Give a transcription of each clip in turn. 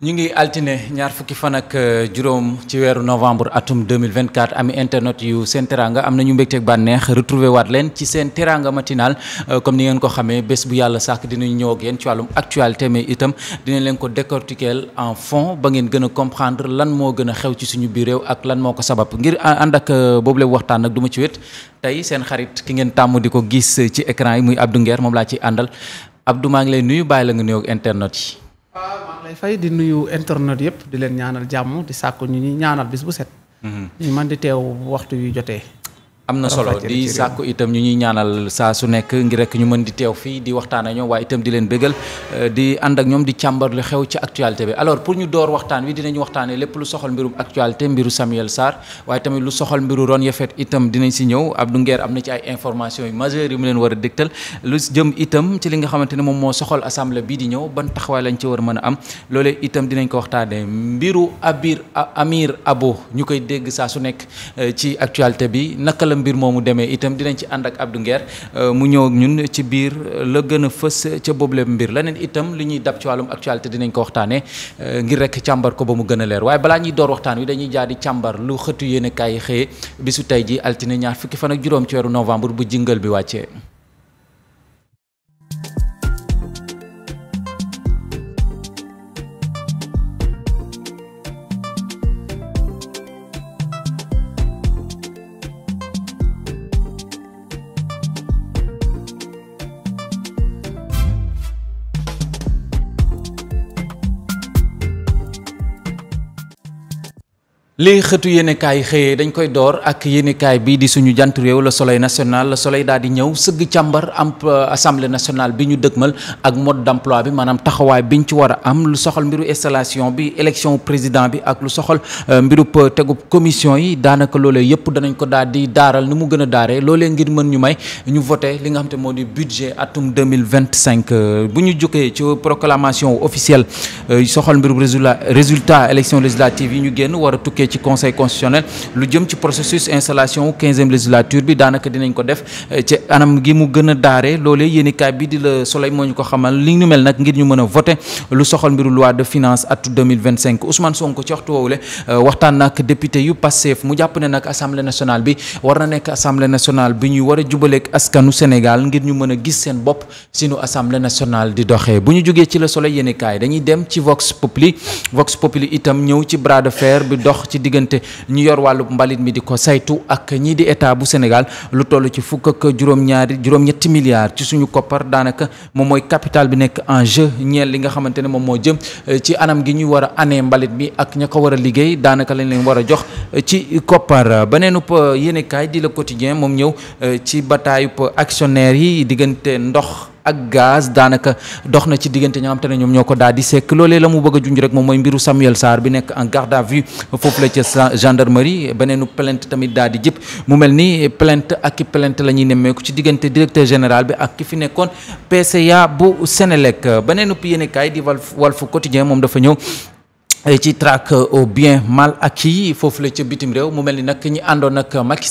ñu ngi altine ñaar fukki fan ak euh, juróom ci weeru novembre atum 2024 ami internet yu seen teranga am nañu mbégteeg bànneex retrouvé waat leen ci seen teranga matinal euh, comme ni ngeen ko xamee bés bu yàlla sàkk dinañ ñëw ak yéen wàllum actualité mais itam dinañ leen ko décortiquer en fond ba ngeen gën a comprendre lan moo gën a xew ci suñu biir réew ak lan moo ko sabab ngir ànd ak euh, boobu lépp waxtaan nag duma ci wet tey seen xarit ki ngeen tàmm di ko gis ci écran yi muy Abdou Nguer moom laa ci àndal Abdou maa ngi lay nuyu la nga nuyoog internet yi waaw maa lay fay di nuyu internet yëpp di leen ñaanal jàmm di sàkku ñu ñuy ñaanal bis bu set. Mm-hmm. ñu man di teew waxtu yu jotee. am na solo di sàkku itam ñu ñuy ñaanal saa su nekk ngir rek ñu mën di teew fii di waxtaan ak ñoom waaye itam di leen bëggal eh, di ànd ak ñoom di càmbar lu xew ci actualité bi alors pour ñu door waxtaan wi dinañ waxtaanee lépp lu soxal mbirum actualité mbiru Samuel Sarr waaye tamit lu soxal mbiru Ron Yefet itam dinañ si ñëw Abdou Nguer am na ci ay information yu majeure yu mu leen war a dégtal lu jëm itam ci li nga xamante ne moom moo soxal assemblée bii di ñëw ban taxawaay lañ ci war mën a am loolee itam dinañ ko waxtaanee mbiru Abir Amir Abo ñu koy dégg saa su nekk eh, ci actualité bi naka la mbir moo mu demee itam dinañ ci ànd ak Abdou Nguer euh, mu ñëw ak ñun ci biir euh, la gën a fës ca boobule mbir leneen itam li ñuy dab ci wàllum actualité dinañ ko waxtaanee euh, ngir rek càmbar ko ba mu gën a leer waaye balaa ñuy door waxtaan wi dañuy jaar di càmbar lu xëtu yéen a kaay xëye bisu tey ji altine ñaar fukki fan ak juróom ci weeru novembre bu jingal bi wàccee. li xëtu yéenekaay xëyee dañ koy door ak yéenekaay bii di suñu jant réew le soleil national la soleil daal di ñëw sëgg càmbar am euh, assemblée nationale bi ñu dëgmal ak mode d'emploi bi maanaam taxawaay bi biñ ci war a am lu soxal mbiru installation bi élection président bi ak lu soxal euh, mbiru tegub commission yi daanaka loolee yëpp danañ ko daal di daaral ni mu gën a daaree loolee ngir mën ñu may ñu voté li nga xam te moo di budget atum 2025 euh, bu ñu jógee ci proclamation officielle soxal mbiru résultat élection législative yi ñu génn ci conseil constitutionnel lu jëm ci processus installation wu quinzième législature bi daanaka dinañ ko def eh, ci anam gi mu gën a daaree loolee yéenekaay bi di la Soleil moo ñu ko xamal li ñu mel nag ngir ñu mën a voter lu soxal mbiru loi de finance atu 2025 Ousmane Sonko ci waxtu woowule eh, waxtaan nag député yu Pastef mu jàpp ne nag assemblée nationale bi war na nekk assemblée nationale bi ñuy war a jubaleeg askanu Sénégal ngir ñu mën a gis seen bopp sinu assemblée nationale di doxee bu ñu jógee ci la Soleil yéenekaay dañuy dem ci Vox Populi Vox Populi itam ñëw ci bras de diggante ñu yor wàllu mbalit mi di ko saytu ak ñii di état bu Sénégal lu toll ci fukk ak juróom-ñaari juróom-ñetti milliards ci suñu koppar daanaka moom mooy capital bi nekk en jeu ñeel li nga xamante ne moom moo jëm eh, ci anam gi ñuy war a anee mbalit mi ak ña ko war a liggéey daanaka lañ leen war a jox eh, ci koppar beneenub eh, yéenekaay di Le Quotidien moom ñëw ci bataayub actionnaire yi diggante ndox ak gaz daanaka dox na ci diggante ñoo xam ñoom ñoo ko daal di sekk loolee la mu bëgg a rek moom mooy mbiru Samuel Sarr bi nekk en garde à vue foofu la ca gendarmerie beneenu plainte tamit daal di jëpp mu mel ni plainte ak ki bi ak ki fi nekkoon PCA bu Sénélec beneenu yéenekaay di Walf Walf Quotidien moom dafa ñëw eh, ci traque au bien mal acquis foofu la ca bitim réew mu mel ni nag ñi àndoon ak Macky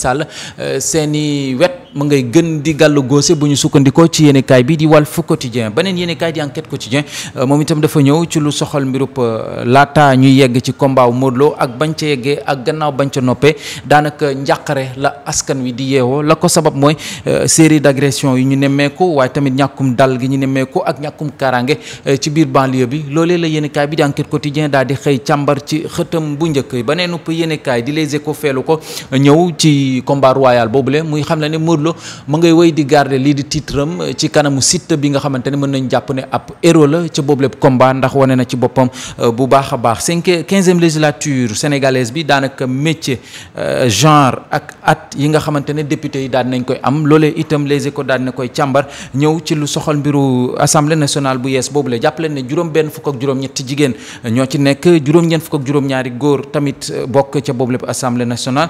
eh, seeni wet ma ngay gën di gàll góose bu ñu sukkandikoo ci yéenekaay bi di Walf Quotidien beneen yéenekaay di Enquête Quotidien euh, moom itam dafa ñëw ci lu soxal mbirub euh, laata ñuy yegg ci combat Modou Lo ak bañ ca yeggee ak gannaaw bañ ca noppee daanaka njàqare la askan wi di yeewoo la ko sabab mooy euh, série d'agression yi ñu nemmeeku waaye tamit ñàkkum dal gi ñu nemmeeku ak ñàkkum kaaraange ci biir banlieue bi loolee la yéenekaay bi di Enquête Quotidien daal di xëy càmbar ci xëtam bu njëkk beneen yéenekaay di Les Échos feelu ko muy xam ne ne Modou Lo ma ngay wéy di garder lii di titre am eh, ci kanamu Siteu bi nga xamante ne mën nañ jàpp ne ab héros la ca boobu lépp combat ndax wane na ci boppam eh, bu baax a baax cinq quinzième législature sénégalaise bi daanaka métier eh, genre ak at yi nga xamante ne député yi daan nañ koy am loole itam les ko daan na koy càmbar ñëw ci lu soxal mbiru assemblée nationale bu yees boobu la jàpp leen ne juróom benn fukk ak juróom ñetti jigéen ñoo ci nekk juróom ñeent fukk ak juróom ñaari góor tamit bokk ca boobu lépp assemblée nationale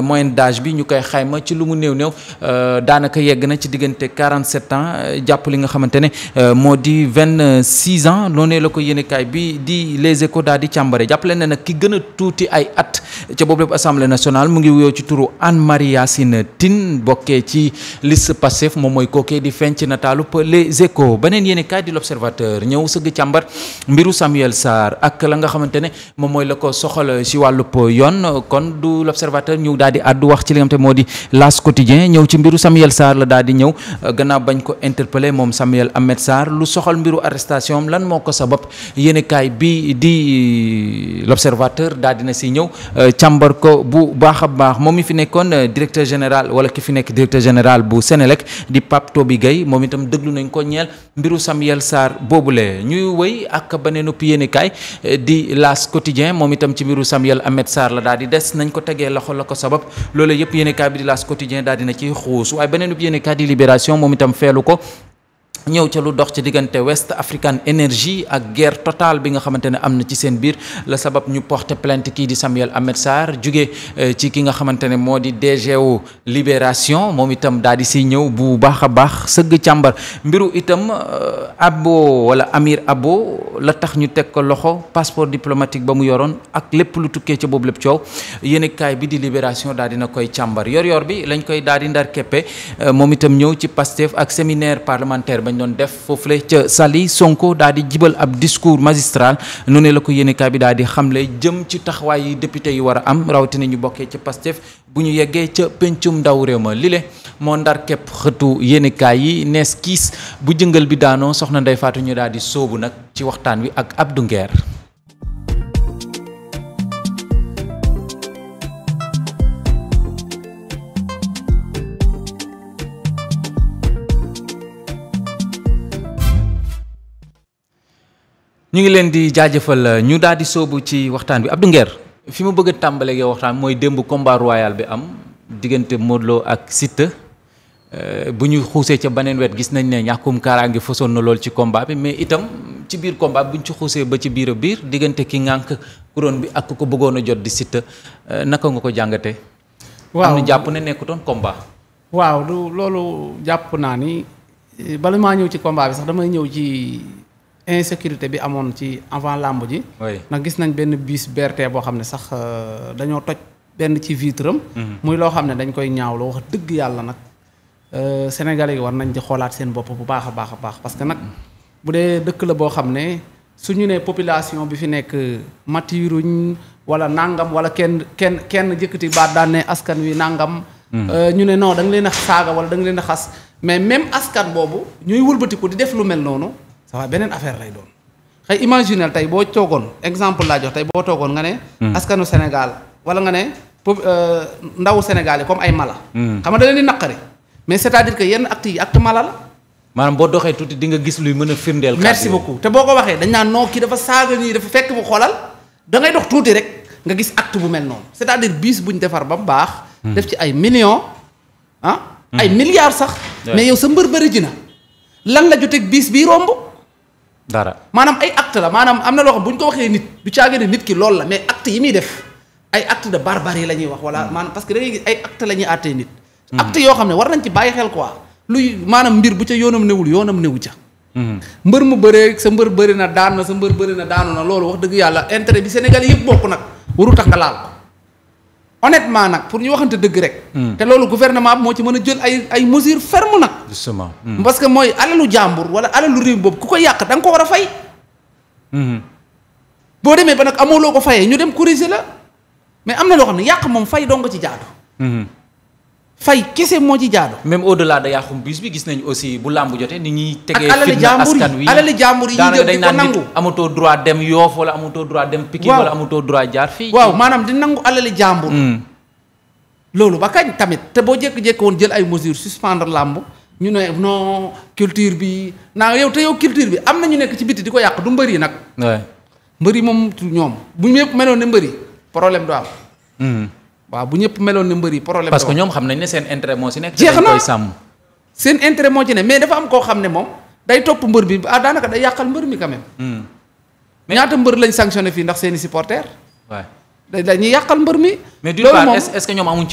moyenne d'âge bi ñu koy xayma ci lu néew néew Euh, daanaka yegg na ci diggante 47 ans euh, jàpp li nga xamante ne euh, moo di 26 ans noonee la ko yéenekaay bi di Les Échos daal di càmbare jàppale na nag ki gën a tuuti ay at ca boobu lépp assemblée nationale mu ngi wuyoo ci turu Anne Marie Yacine tin bokkee ci liste Pastef moom mooy kookee di feeñ ci nataalub Les Échos beneen yéene kaay di l'Observateur ñëw sëgg càmbar mbiru Samuel Sarr ak la nga xamante ne moom mooy la ko soxal si po yoon kon du l'Observateur ñu daal di àddu wax ci li nga xamante moo di L'As Quotidien ñëw ci mbiru Samuel saar la daal di ñëw gannaaw bañ ko interpellé moom Samuel Ahmed Sarr lu soxal mbiru arrestation am lan moo ko sabab yéene kaay bi di l'Observateur daal dina si ñëw euh, càmbar ko bu baax a baax moom mi fi nekkoon euh, directeur général wala ki fi nekk directeur général bu Senelec di Pape Toby Gaye moom itam déglu nañ ko ñeel mbiru Samuel Sarr boobule ñuy wëy ak beneen upp yéenekaay euh, di L'As Quotidien moom itam ci mbiru Samuel Ahmed saar la daal di des nañ ko tegee loxo la ko sabab loolu yëpp yéenekaay bi di L'As Quotidien daal dina ci xuus waaye beneen upp yéenekaay di Libération moom itam feelu ko ñëw ca lu dox ci diggante West African Energy ak guerre totale bi nga xamante ne am na ci seen biir la sabab ñu porter plainte kii di Samuel Ahmed Sarr jóge euh, ci ki nga xamante ne moo di DGO Libération moom itam daal di si ñëw bu baax a baax sëgg càmbar mbiru itam euh, Abo wala Amir Abo la tax ñu teg ko loxo passeport diplomatique ba mu yoroon ak lépp lu tukkee ca boobu lépp coow yéenekaay bi di Libération daal dina koy càmbar yor-yor bi lañ koy daal di ndar keppe euh, moom itam ñëw ci Pastef ak séminaire parlementaire noon def foofu foofule ca sali Sonko daal di jibal ab discours magistral nu ne la ko yéenekaay bi daal di xamle jëm ci taxawaay yi député yi war a am rawatina ñu bokkee ca Pastef bu ñu yeggee ca pencum ndaw réew ma lile moo ndar képp xëtu yéenekaay yi nees kiis bu jëngal bi daanoo soxna Ndeye faatu ñu daal di sóobu nag ci waxtaan wi ak Abdou Nguer ñu ngi leen di jaajëfal euh, ñu daal di soobu ci waxtaan bi Abdou Nguer fi ma bëgg a tàmbaleeg waxtaan mooy démb combat royal bi am diggante Modou ak Siteu euh, bu ñu xuusee ca beneen wet gis nañ ne ñàkkum ngi fosoon na lool ci combat bi mais itam ci biir combat bu ñu ci xuusee ba ci biir biir diggante ki ngànk couronne bi ak ko bëggoon a jot di Siteu euh, naka nga ko jàngate waaw am na jàpp ne nekkutoon combat. waaw du loolu jàpp naa ni bala maa ñëw insécurité bi amoon ci avant làmb ji. ndax gis nañ benn biis BRT boo xam ne sax euh, dañoo toj benn ci vitre am. Mhm. muy loo xam ne dañ koy ñaaw ñaawlu wax dëgg yàlla nag euh, sénégalais yi war nañ ci xoolaat seen bopp bu baax a baax a baax parce que nag bu dee dëkk la boo xam ne su ñu nee population bi fi nekk matiruñ wala nangam wala kenn kenn kenn jëkkati baat daan askan wi nangam. Mhm. Euh, ñu ne non da leen a saaga wala da leen a xas mais même askan boobu ñuy wulbatiku di def lu noonu. ça va beneen affaire lay doon xëy imaginel tey boo toogoon exemple laa jox tey boo toogoon nga ne. Hmm. askanu Sénégal wala nga ne euh, ndawu Sénégal yi comme ay mala. Hmm. xam nga da leen di naqari mais cest à que yenn actes yi mala la. maanaam boo doxee di nga gis luy mën a firndeel. merci beaucoup te boo ko waxee dañ naan noo kii dafa saaga nii dafa fekk bu xoolal da ngay dox tuuti rek nga gis acte bu mel noonu c'est-à-dire bis bu ñu defar ba mu baax. Hmm. def ci ay million ah. ay milliards sax. mais yow sa mbër bëri ji na lan la joteeg bis bii romb. dara maanaam ay act la maanaam am na loo xam bu ñu ko waxee nit du caage ne nit ki lool la mais acte yi muy def ay acte de barbarie la ñuy wax wala hmm. maanaam parce que da ngay gis ay acte la ñuy àttee nit hmm. acte yoo xam ne war nañ ci bàyyi xel quoi luy maanaam mbir bu ca yoonam newul yoonam newu ca hmm. mbër mu bëree sa mbër bëri na daan na sa mbër bëri na daanu na loolu wax dëgg yàlla intérêt bi Sénégal yëpp bokk nag waru tax nga laal honnêtement nag pour ñu waxante dëgg rek. Hmm. te loolu gouvernement bi moo ci mën a jël ay ay mesures fermes nag. justement hmm. parce que mooy alalu jàmbur wala alalu réew boobu ku ko yàq da ko war a fay. Hmm. boo demee ba nag amoo loo ko fayee ñu dem corriger la mais am na loo xam ne yàq moom fay dong ko ci jaadu. fay kese moo ci jaadu. même au delà de yàqum bus bi gis nañu aussi bu làmb jotee ni ñuy. tegee fitna askan wi ak alali jàmbur yi alali di nangu amatoo droit dem Yoff wala amatoo droit dem. Pikine amatoo droit jaar fii. waaw maanaam di nangu alali jàmbur. Hmm. loolu ba kañ tamit te boo jékki-jékki woon jël ay mesures suspendre làmb ñu ne non culture bi naa yow te yow culture bi am na ñu nekk ci biti di ko yàq du yi nag. mbër yi moom ñoom bu ñëpp meloon ne mbëri problème du am. Hmm. waaw bu ñëpp meloon ne mbër yi problème parce que ne seen intérêt moo ci nekk. dafa am koo xam ne moom day topp mbër bi ah daanaka day mi quand hmm. lañ sanctionné fii ndax seeni supporters. waay dañuy yàqal mbër mi. mais d'une part est-ce que ñoom amuñ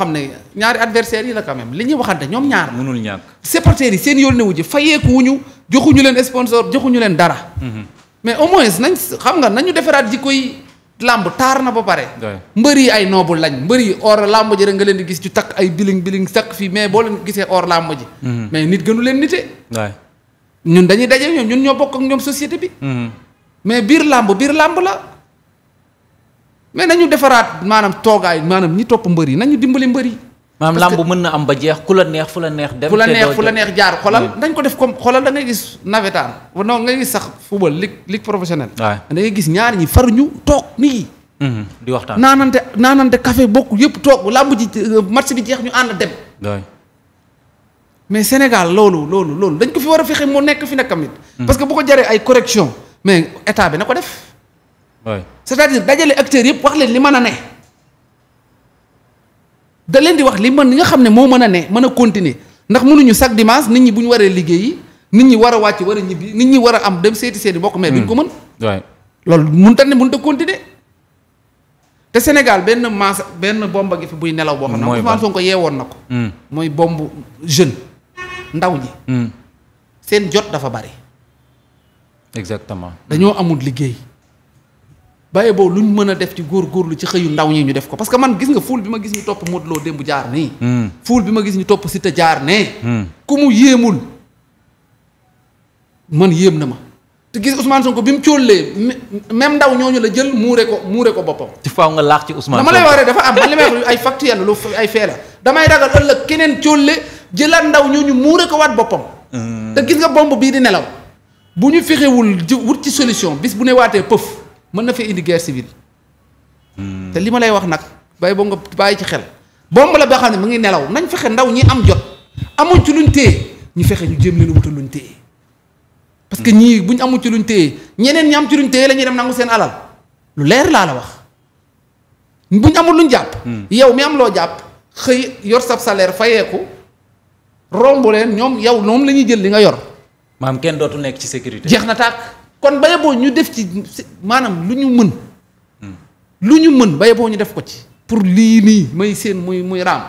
am ne ñaari adversaires yi la quand même li ñoom ñaar. mënul yoon ne wu ji fayeeku wuñu joxuñu leen sponsor joxuñu leen dara hmm. mais au moins nañ xam nga nañu defaraat jikko yi làmb taar na ba pare. mbër yi ay noobul lañ mbër yi or làmb ji rek nga leen di gis ju takk ay biling biling takk fii mais boo leen gisee or làmb ji. Mhm. mais nit gënu leen nite. ñun dañuy daje ñoom ñun ñoo bokk ak ñoom société bi. Mhm. mais biir làmb biir làmb la. mais nañu defaraat maanaam toogaay maanaam ñi topp mbër yi nañu dimbali mbër yi. maanaam làmb mën na am ba jeex ku la neex fu la neex. dem fu la neex jaar xolal dañ ko def comme xolal da ngay gis navetaan non ngay gis sax football ligue ligue da gis ñaar ñi faru ñu toog nii. Mhm, di waxtaan naanante naanante café bokk yëpp toog làmb ji euh, match bi jeex ñu ànd dem. mais Sénégal loolu loolu loolu dañ ko fi war a fexe moo nekk fi nag tamit. Mhm. parce que bu jaree ay correction mais état bi na ko def. cest à dajale acteurs yëpp wax leen li mën a ne. da leen di wax li man li nga xam ne moo mën a ne mën a continuer ndax mënuñu chaque dimanche nit ñi bu ñu waree liggéeyi nit ñi war a wàcc war a ñibbi nit ñi war a am dem seeti seeti bokk mais duñ ko mën. waay hmm. loolu mënta ne mënta continuer te Sénégal benn maas benn bomba gi fi buy nelaw boo xam ne Ousmane Sonko yeewoon na ko. Hmm. mooy bomb jeune ndaw ñi. Hmm. seen jot dafa bari. exactement dañoo amul liggéey. bàyyi boobu lu ñu mën a def ci góorgóorlu ci xëyu ndaw ñi ñu def ko parce que man gis nga fuul bi ma gis ñu topp Modou Lo démb jaar nii. Hmm. fuul bi ma gis ñu topp Siteu jaar ne hmm. ku mu yéemul man yéem na ma. te gis Ousmane ko bi mu cóollee même ndaw ñoo ñu la jël muure ko muure ko boppam. ci faaw nga laax ci Ousmane Sonko dama lay wax rek dafa am man li may wax ay factuel lu ay fee la damay ragal ëllëg keneen cóollee jëlaat ndaw ñoo ñu muure ko waat boppam. Hmm. te gis nga bomb bii di nelaw bu ñu fexewul wut ci solution bis bu ne waatee pëf mën na fee indi guerre civile. Hmm. te li ma lay wax nag bay boo nga bàyyi ci xel. bomb la boo xam ne mu ngi nelaw nañ fexe ndaw ñi am jot amuñ ci luñ téye ñu fexe ñu jéem leen wutal luñ téye. parce que hmm. ñii buñ amuñ ci luñ téye ñeneen ñi am ci luñ téye la dem nangu seen alal lu leer laa la wax buñ amul luñ jàpp. Hmm. yow mi am loo jàpp xëy yor sab salaire fayeeku rombu leen ñoom yow moom la ñuy jël li nga yor. maam kenn dootu nekk ci sécurité. jeex na tàkk. kon ba yeboo ñu def ci maanaam lu ñu mën lu ñu mën ba yeboo ñu def ko ci pour lii nii may seen muy muy raam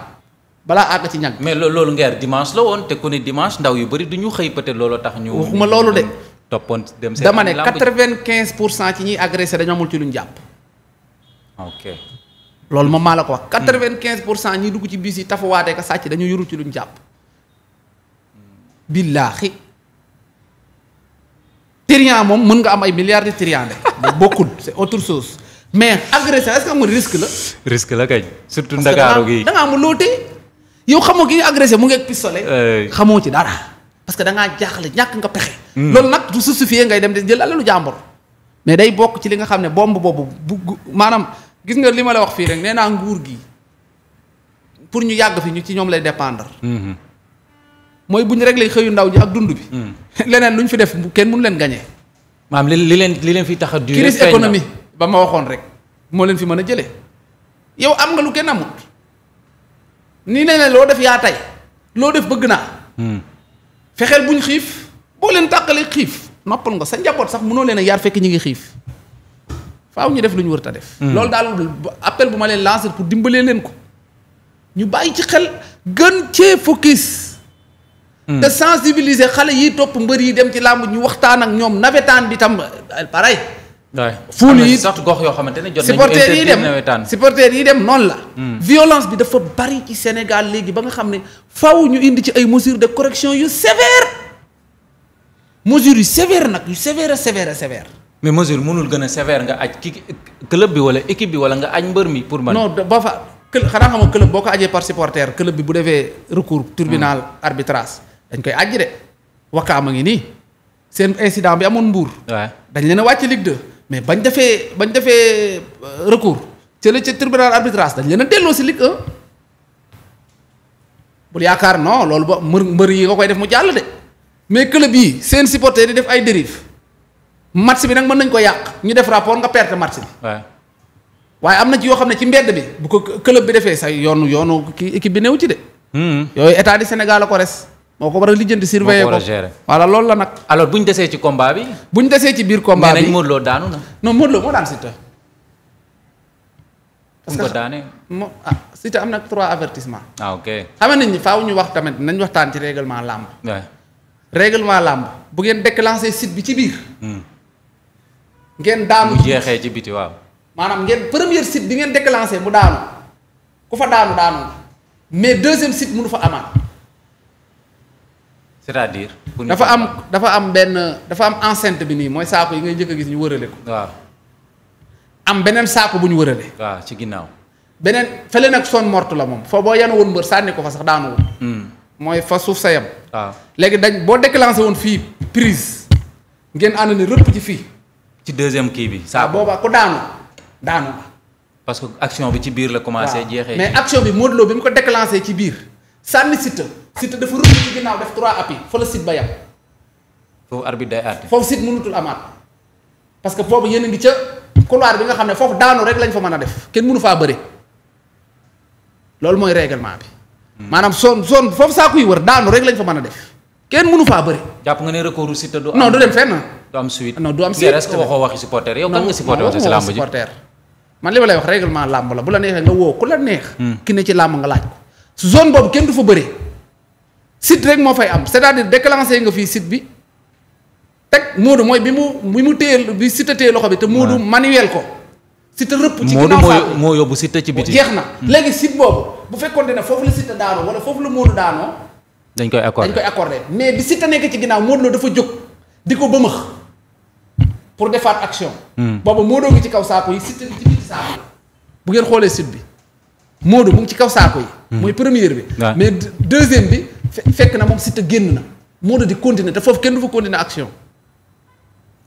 balaa àgg ci ñag mais loolu ngeer dimanche la woon te ku ne dimanche ndaw yu bëri du ñu xëy peut-être looloo tax ñu waxuma loolu de toppoon dem seen dama ne quatre-vingt-quinze pour cent ci ñiy agressé dañu amul ci lu ñu jàpp ok loolu moom maa la ko wax quatre-vingt-quinze pour cent ñi dugg ci bis yi tafawaatee ka sàcc dañu yurul ci lu ñu jàpp billaahi trian moom mën nga am ay milliards de trian de bokkul c'est autre chose mais agression est-ce que amul risque la. risque la kañ surtout ndakaaru gi da nga am loote yow xamoo ki nga agressé mu ngi ak pistolet. Euh, xamoo ci dara parce que da ngaa jaaxle ñàkk nga pexe. Hmm. loolu nag du justifier ngay dem di jël alalu jàmbur. mais day bokk ci li nga xam ne bomb boobu bu maanaam gis nga li ma la wax fii rek nee naa nguur gi pour ñu yàgg fi ñu ci ñoom lay dépendre. Hmm. mooy bu ñu réglé xëyu ndaw ji ak dund bi. Hmm. leneen lu ñu fi def kenn munu leen gagné. maam li li leen li leen fi tax a. durée crise économie ba ma waxoon rek moo leen fi mën a jëlee. yow am nga lu kenn amut nii ne loo def yaa tey loo def bëgg naa. Hmm. fexeel buñ xiif boo leen tàqalee xiif noppal nga sa njaboot sax mënoo leen yar fekk ñi ngi xiif faaw ñu def lu ñu war a def. Hmm. loolu daal appel bu ma leen lancer pour dimbalee leen ko ñu bàyyi ci xel gën cee focus. Hmm. te sensibiliser xale yi topp mbër yi dem ci làmb ñu waxtaan ak ñoom nawetaan bi tam euh, pareil. fuul yi sax gox yoo xamante ne jot supporter yi dem supporter yi dem noonu la. Hmm. violence bi dafa bari ci Sénégal léegi ba nga xam ne faw ñu indi ci ay mesures de correction yu sévère mesures yu sévère nag yu sévère sévère sévère. mais mesure mënul gën a sévère nga aj ki club bi wala équipe bi wala nga aj mbër mi pour man. non ba fa xanaa xam nga club boo ko ajee par supporter club bi bu defee recours. tribunal hmm. arbitrage. dañ koy àjji de wakaam a ngi nii seen incident bi amoon mbuur dañ leen a wàcc Ligue 2 mais bañ defee bañ defee euh, recours ca la ca tribunal arbitrage dañ leen a delloo si Ligue 1 bul yaakaar non loolu ba mbër mbër yi nga koy def mu jàll de mais club yi seen supporter di def ay dérive match bi nag mën nañ ko yàq ñu def rapport nga perte match bi waaye am na ci yoo xam ne ci mbedd bi bu ko club bi defee sa yoonu yoonu kii équipe bi néew ci de hmm. yooyu état du Sénégal la ko res moo ko war a lijjanti surveiller ko voilà loolu la nag. alors bu ñu desee ci combat bi. bu ñu desee ci biir combat bi nee nañ Modou daanu na. non Modou moo daan Siteu. parce que moo ah Siteu am na trois avertissements. ah nañ ni faaw ñu wax tamit nañ waxtaan ci réglement làmb. règlement làmb bu ngeen déclenché site bi ci biir. Hmm. ngeen daanu mu jeexee ci biti waaw. maanaam ngeen première site bi ngeen déclenché mu daanu ku fa daanu daanu mais deuxième site mënu fa amaat. c'est-à-dire. dafa am dafa am benn dafa am enceinte bi nii mooy saako yi ngay jëkk a gis ñu wërale ko. waaw am beneen saako bu ñu wërale. waaw ci ginnaaw. beneen fële nag son morte la moom foo boo yan woon mbër sànni ko fa sax daanu woon. Hmm. mooy fa suuf sa léegi dañ boo déclenché woon fii prise ngeen ànd ne rëpp ci fii. ci deuxième kii bi. saa boobaa ku daanu daanu parce que action bi ci biir la. commencé jeexee mais action bi Modou Lo bi mu ko déclenché ci biir sànni Siteu. Siteu dafa rënd ci ginnaaw def trois appuis fa la ba yam foofu arbitre day àtte foofu Siteu mënutul amaat parce que boobu yéen a ngi ca couloir bi nga xam ne foofu daanu rek lañ fa mën a def kenn mënu faa bëre loolu mooy règlement bi. Hmm. maanaam zone zone foofu saa kuy wër daanu rek lañ fa mën def kenn mënu faa bëri. jàpp nga ne recours Siteu du am non du dem fenn. du am suite non du am suite est-ce que waxoo waxi supporter yow kan nga supporter làmb man li wax règlement làmb la bu la neexee nga woo ku la neex. Hmm. ki ne ci làmb nga laaj ko zone boobu kenn du fa bëri. site rek moo fay am c'est-à-dire déclenché nga fii site bi teg Moodu mooy bi mu bi mu téye bi site téye loxo bi te Moodu manuel ko site rëpp ci ginnaaw moo yóbbu site ci biti jeex na hmm. léegi site boobu bu fekkoonte ne foofu la site daanoo wala foofu la Moodu daanoo dañ koy accordé dañ koy accordé mais bi site nekk ci ginnaaw Moodu dafa jóg di ko bëmëx pour defaat action hmm. boobu Moodu ngi ci kaw saako yi site ci bu ngeen xoolee site bi Moodu mu ngi ci kaw saako yi mooy hmm. première bi mais deuxième bi fekk na moom Siteu génn na Modou di continuer te foofu kenn du fa continuer action.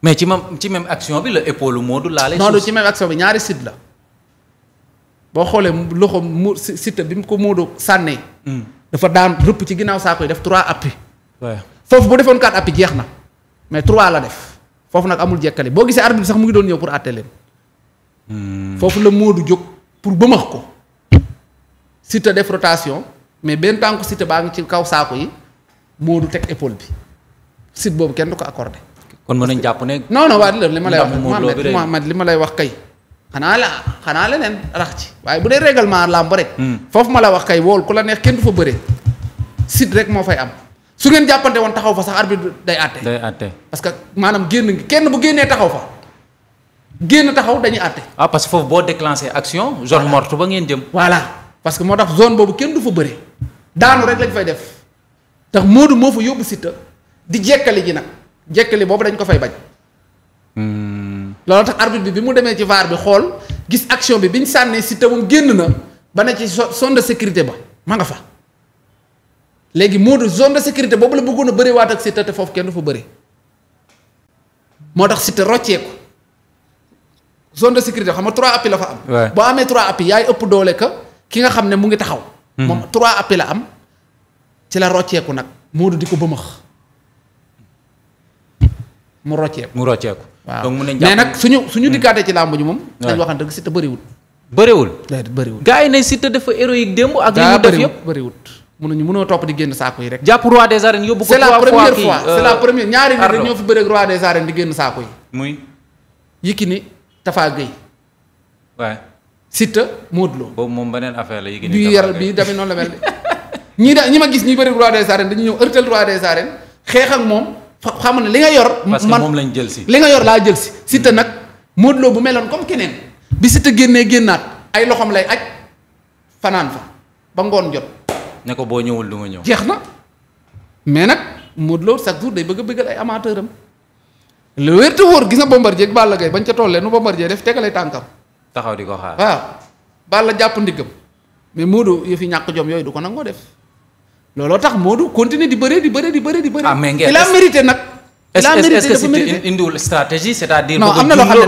mais ci ma ci même action bi la épaule Modou laale. non ci même action bi ñaari Siteu la boo xoolee loxo mu Siteu bi mu ko Modou sànnee. Hmm. dafa daan rëpp ci ginnaaw saa koy def trois appui. foofu bu defoon quatre appui jeex na mais trois la def foofu nag amul jekkali boo gisee arbitre bi sax mu ngi doon ñëw pour àtte hmm. foofu la Modou jóg pour bëmax ko. Siteu def rotation. mais benn tànku Siteu baa ngi ci kaw saako yi Modou teg épaule bi Siteu boobu kenn du ko accordé. kon mën nañ jàpp ne. non non waa li ma lay wax Mouhamed li ma lay wax kay. xanaa la xanaa leneen rax ci waaye bu dee règlement làmb rek. Hmm. foofu ma la wax kay wool ku la neex kenn du fa bëree. Siteu rek moo fay am su ngeen jàppante woon taxaw fa sax arbitre day àtte. day àtte parce que maanaam génn kenn bu génnee taxaw fa. génn taxaw dañuy àtte. ah parce que foofu boo déclenché action zone morte ba ngeen jëm. voilà parce que moo tax zone boobu kenn du fa bëre daanu rek lañ fay def tax Moodu moo fa yóbbu Siteu di jekkali ji nag jekkali boobu dañ ko fay bañ. Hmm. loolu tax arbitre bi bi mu demee ci vaar bi xool gis action bi bi ñu sànnee Siteu moom génn na ba ne ci zone de sécurité ba ma nga fa. léegi Moodu zone de sécurité boobu la bëggoon a bëri waat ak Siteu te foofu kenn du bëri moo tax Siteu rocceeku zone de sécurité xam nga trois appuis la fa am. boo amee trois appuis yaay ëpp doole ka ki nga xam ne mu ngi taxaw. moom hmm. trois appels la am ci la rocceeku nag Moodu di ko bëmëx mu rocceeku. mu rocceeku. waaw donc mun nañ jàpp mais suñu suñu hmm. dikkaatee ci làmb ji moom. waaw dañ waxante Siteu bëriwul. bëriwul. bëriwul gaa yi ne Siteu dafa héroïque démb ak. li mu def yëpp bëriwut mënuñu mënoo topp di génn saako yi rek. jàpp roi des arènes yóbbu ko. c'est la première fois c'est euh, la ñaari nit ñoo fi bëreeg roi des arènes di génn saako yi. muy. Yékini Tapha Guèye. waaw Siteu Modou Lo. boobu moom beneen affaire la yi. bii yar bii tamit noonu la mel de ñii da ñi ma gis ñuy bëri roi des arènes dañu ñëw ërtal roi des arènes xeex ak moom xam ne li nga yor. man parce moom lañ jël si. li nga yor laa jël si. Siteu nag Modou Lo bu meloon comme keneen. bi Siteu génnee génnaat ay loxoom lay aj fanaan fa ba ngoon jot. ne ko boo ñëwul du ma ñëw. jeex na mais nag Modou Lo chaque jour day bëgg a bëggal ay amateuram. lu wér te wóor gis nga Bombardier ak Balla Gaye bañ ca tànkam. taxaw di ko xaar waaw jàpp ndiggam mais Modou yu fi ñàkk jom yooyu du ko nangoo def looloo tax Modou continuer di bëree di bëree di bëree di bëree. Ah, a mérité nag. il a mérité dafa mérité est-ce que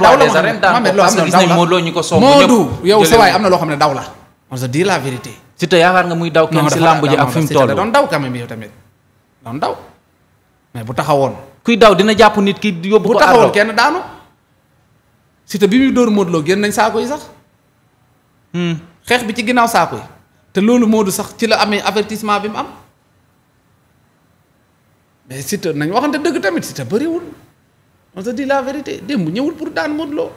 am na loo xam ne daw la Mohamed loo xam ne daw la Modou ñu ko sa waay la. vérité. si te yaakaar nga muy daw kenn si làmb ak fi mu doon daw mais bu taxawoon. kuy daw dina jàpp nit ki yóbbu ko. bu taxawoon daanu. Siteu bi muy dóor Modou Lo génn nañ saako yi sax. Hmm. xeex bi ci ginnaaw saako yi. te loolu Modou sax ci la amee avertissement bi mu am. mais Siteu nañ waxante dëgg tamit Siteu bëriwul. on se di la vérité démb ñëwul pour daan Modou Lo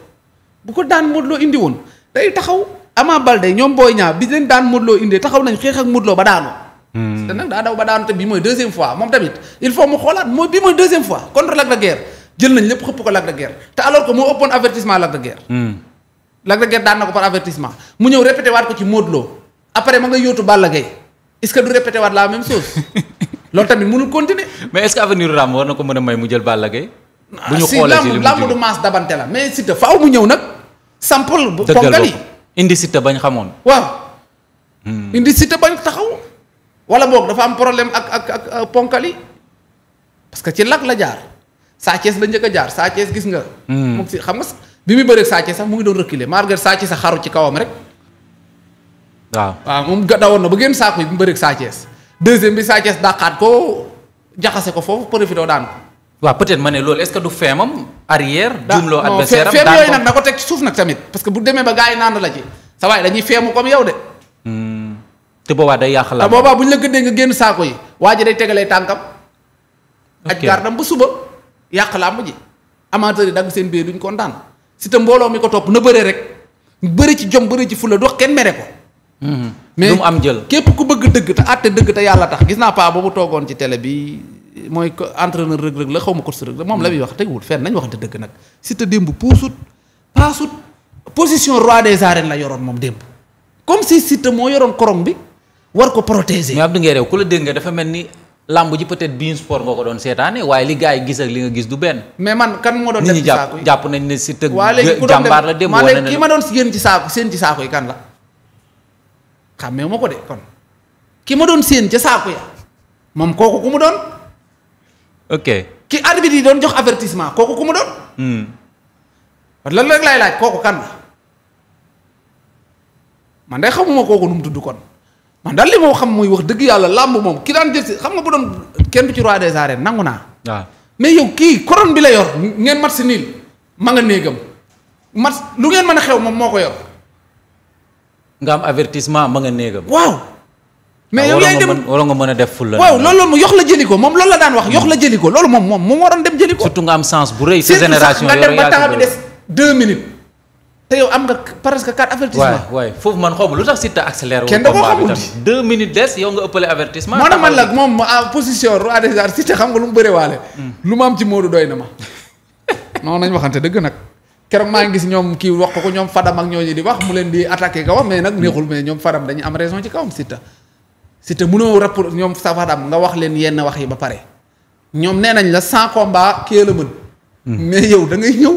bu ko daan Modou Lo indi woon day taxaw. Ama Baldé ñoom booy ñaar bi leen daan Modou Lo indee taxaw nañ xeex ak Modou Lo ba daanoo. Siteu hmm. nag daa daw ba daanu te bii mooy deuxième fois moom tamit il faut mu xoolaat mooy bii mooy deuxième fois contre Lac de Guiers. jël nañ lépp xëpp ko Lac de Guiers te alors que moo ëppoon avertissement Lac de Guiers. Hmm. Lac de daan na ko par avertissement mu ñëw répété waat ko ci Modou Lo après ma ngay yóotu Balla Gaye est-ce que du répété waat la même chose loolu tamit mënul continuer. mais est-ce que avenir Ram war na ko mën a may mu jël Balla Gaye. Ah, bu ñu xoolee ci li mu lamb du maas dabante la mais Siteu faaw mu ñëw nag. sampol bu ponkal indi Siteu bañ xamoon. waaw. Hmm. indi Siteu bañ taxaw. wala boog dafa am problème ak ak ak ponkal yi que ci Lac la jaar. Sa Thiès la njëkk a jaar Sa gis nga. Hmm. mu si xam nga bi muy bëreeg Sa Thiès sax mu ngi doon reculer malgré Sa Thiès sax ci kawam rek. waaw waaw moom dawoon na ba génn saako yi mu bëreeg Sa Thiès Sa Thiès dàqaat ko jaxase ko foofu profité daan ko. waaw peut-être ma ne loolu est-ce du feemam arrière. jumloo adversaire am feem yooyu teg ci suuf nag tamit parce que bu demee ba gars yi naan la ci sa waay dañuy feemu comme yow de. Hmm. te boobaa day yàq laa boobaa bu ñu la gëddee nga génn saako yi waa ji day tegalee tànkam. aj gardam ba suba. yàq làmb ji amateur yi dagg seen biir duñ kontaan si te mbooloo mi ko topp na bëre rek bëri ci jom bëri ci fula dox kenn mere ko. Mhm. mais lu mu am jël. képp ku bëgg dëgg te àtte dëgg te yàlla tax gis naa paa boobu toogoon ci tele bi mooy entraîneur Reug Reug la xaw ma coach Reug moom la muy wax teguwul fenn nañ waxante dëgg nag si te démb puusut paasut position roi des arènes la yoroon moom démb comme si Siteu moo yoroon korom bi war ko protéger. mais am Nguer ku la dégg nga dafa mel ni lamb ji peut-être beIN Sport nga ko doon seetaane waaye li gars yi gis ak li nga gis du benn. mais man kan moo doon def ci saako yi nit ñi jàpp jàpp nañ ne si tëgg. jàmbaar la dem wane na ki ma doon si génn ci saako seen la xàmmee ma ko de kon ki ma doon seen ca saako ya moom kooku ku mu doon. ok ki arbitre yi doon jox avertissement kooku ku mu doon. Hmm. kon lan rek laay laaj kooku kan la man de xamuma kooku nu mu tudd kon. man daal li moo xam mooy wax dëgg yàlla làmb moom ki daan jël si xam nga bu doon kenn du ci roi des arènes nangu naa. waaw ah. mais yow kii couronne bi la yor ngeen mat si niil ma nga néegam mat lu ngeen mën a xew moom moo ko yor. nga am avertissement ma nga néegam. waaw. mais ah, yow yaay dem waroon nga mën a def ful la. waaw loolu la loolu la daan wax yox la jëli ko loolu moom moom moom waroon dem jëli ko. surtout nga am sens bu rëy. sa génération yore yaa nga dem ba temps bi des deux minutes. te yow am nga presque quatre avertissement. waay waay foofu man xawma lu tax Siteu accéléré. kenn da koo xamul deux minutes des yow nga ëppale avertissement. moo man la moom ah, position roi des arts Siteu xam nga lu mu bëree hmm. lu ma am ci Modou doy na ma. non nañ waxante dëgg nag. keroog maa ngi gis ñoom kii wax ko ko ñoom Fadam ak ñooñu di wax mu leen di attaqué kawam mais nag neexul mais ñoom Fadam dañu am raison ci kawam Siteu. Siteu mënoo rapport ñoom sa Fadam nga wax leen yenn wax yi ba pare ñoom nee nañ la sans combat kii la mën. Hmm. mais yow da ngay ñëw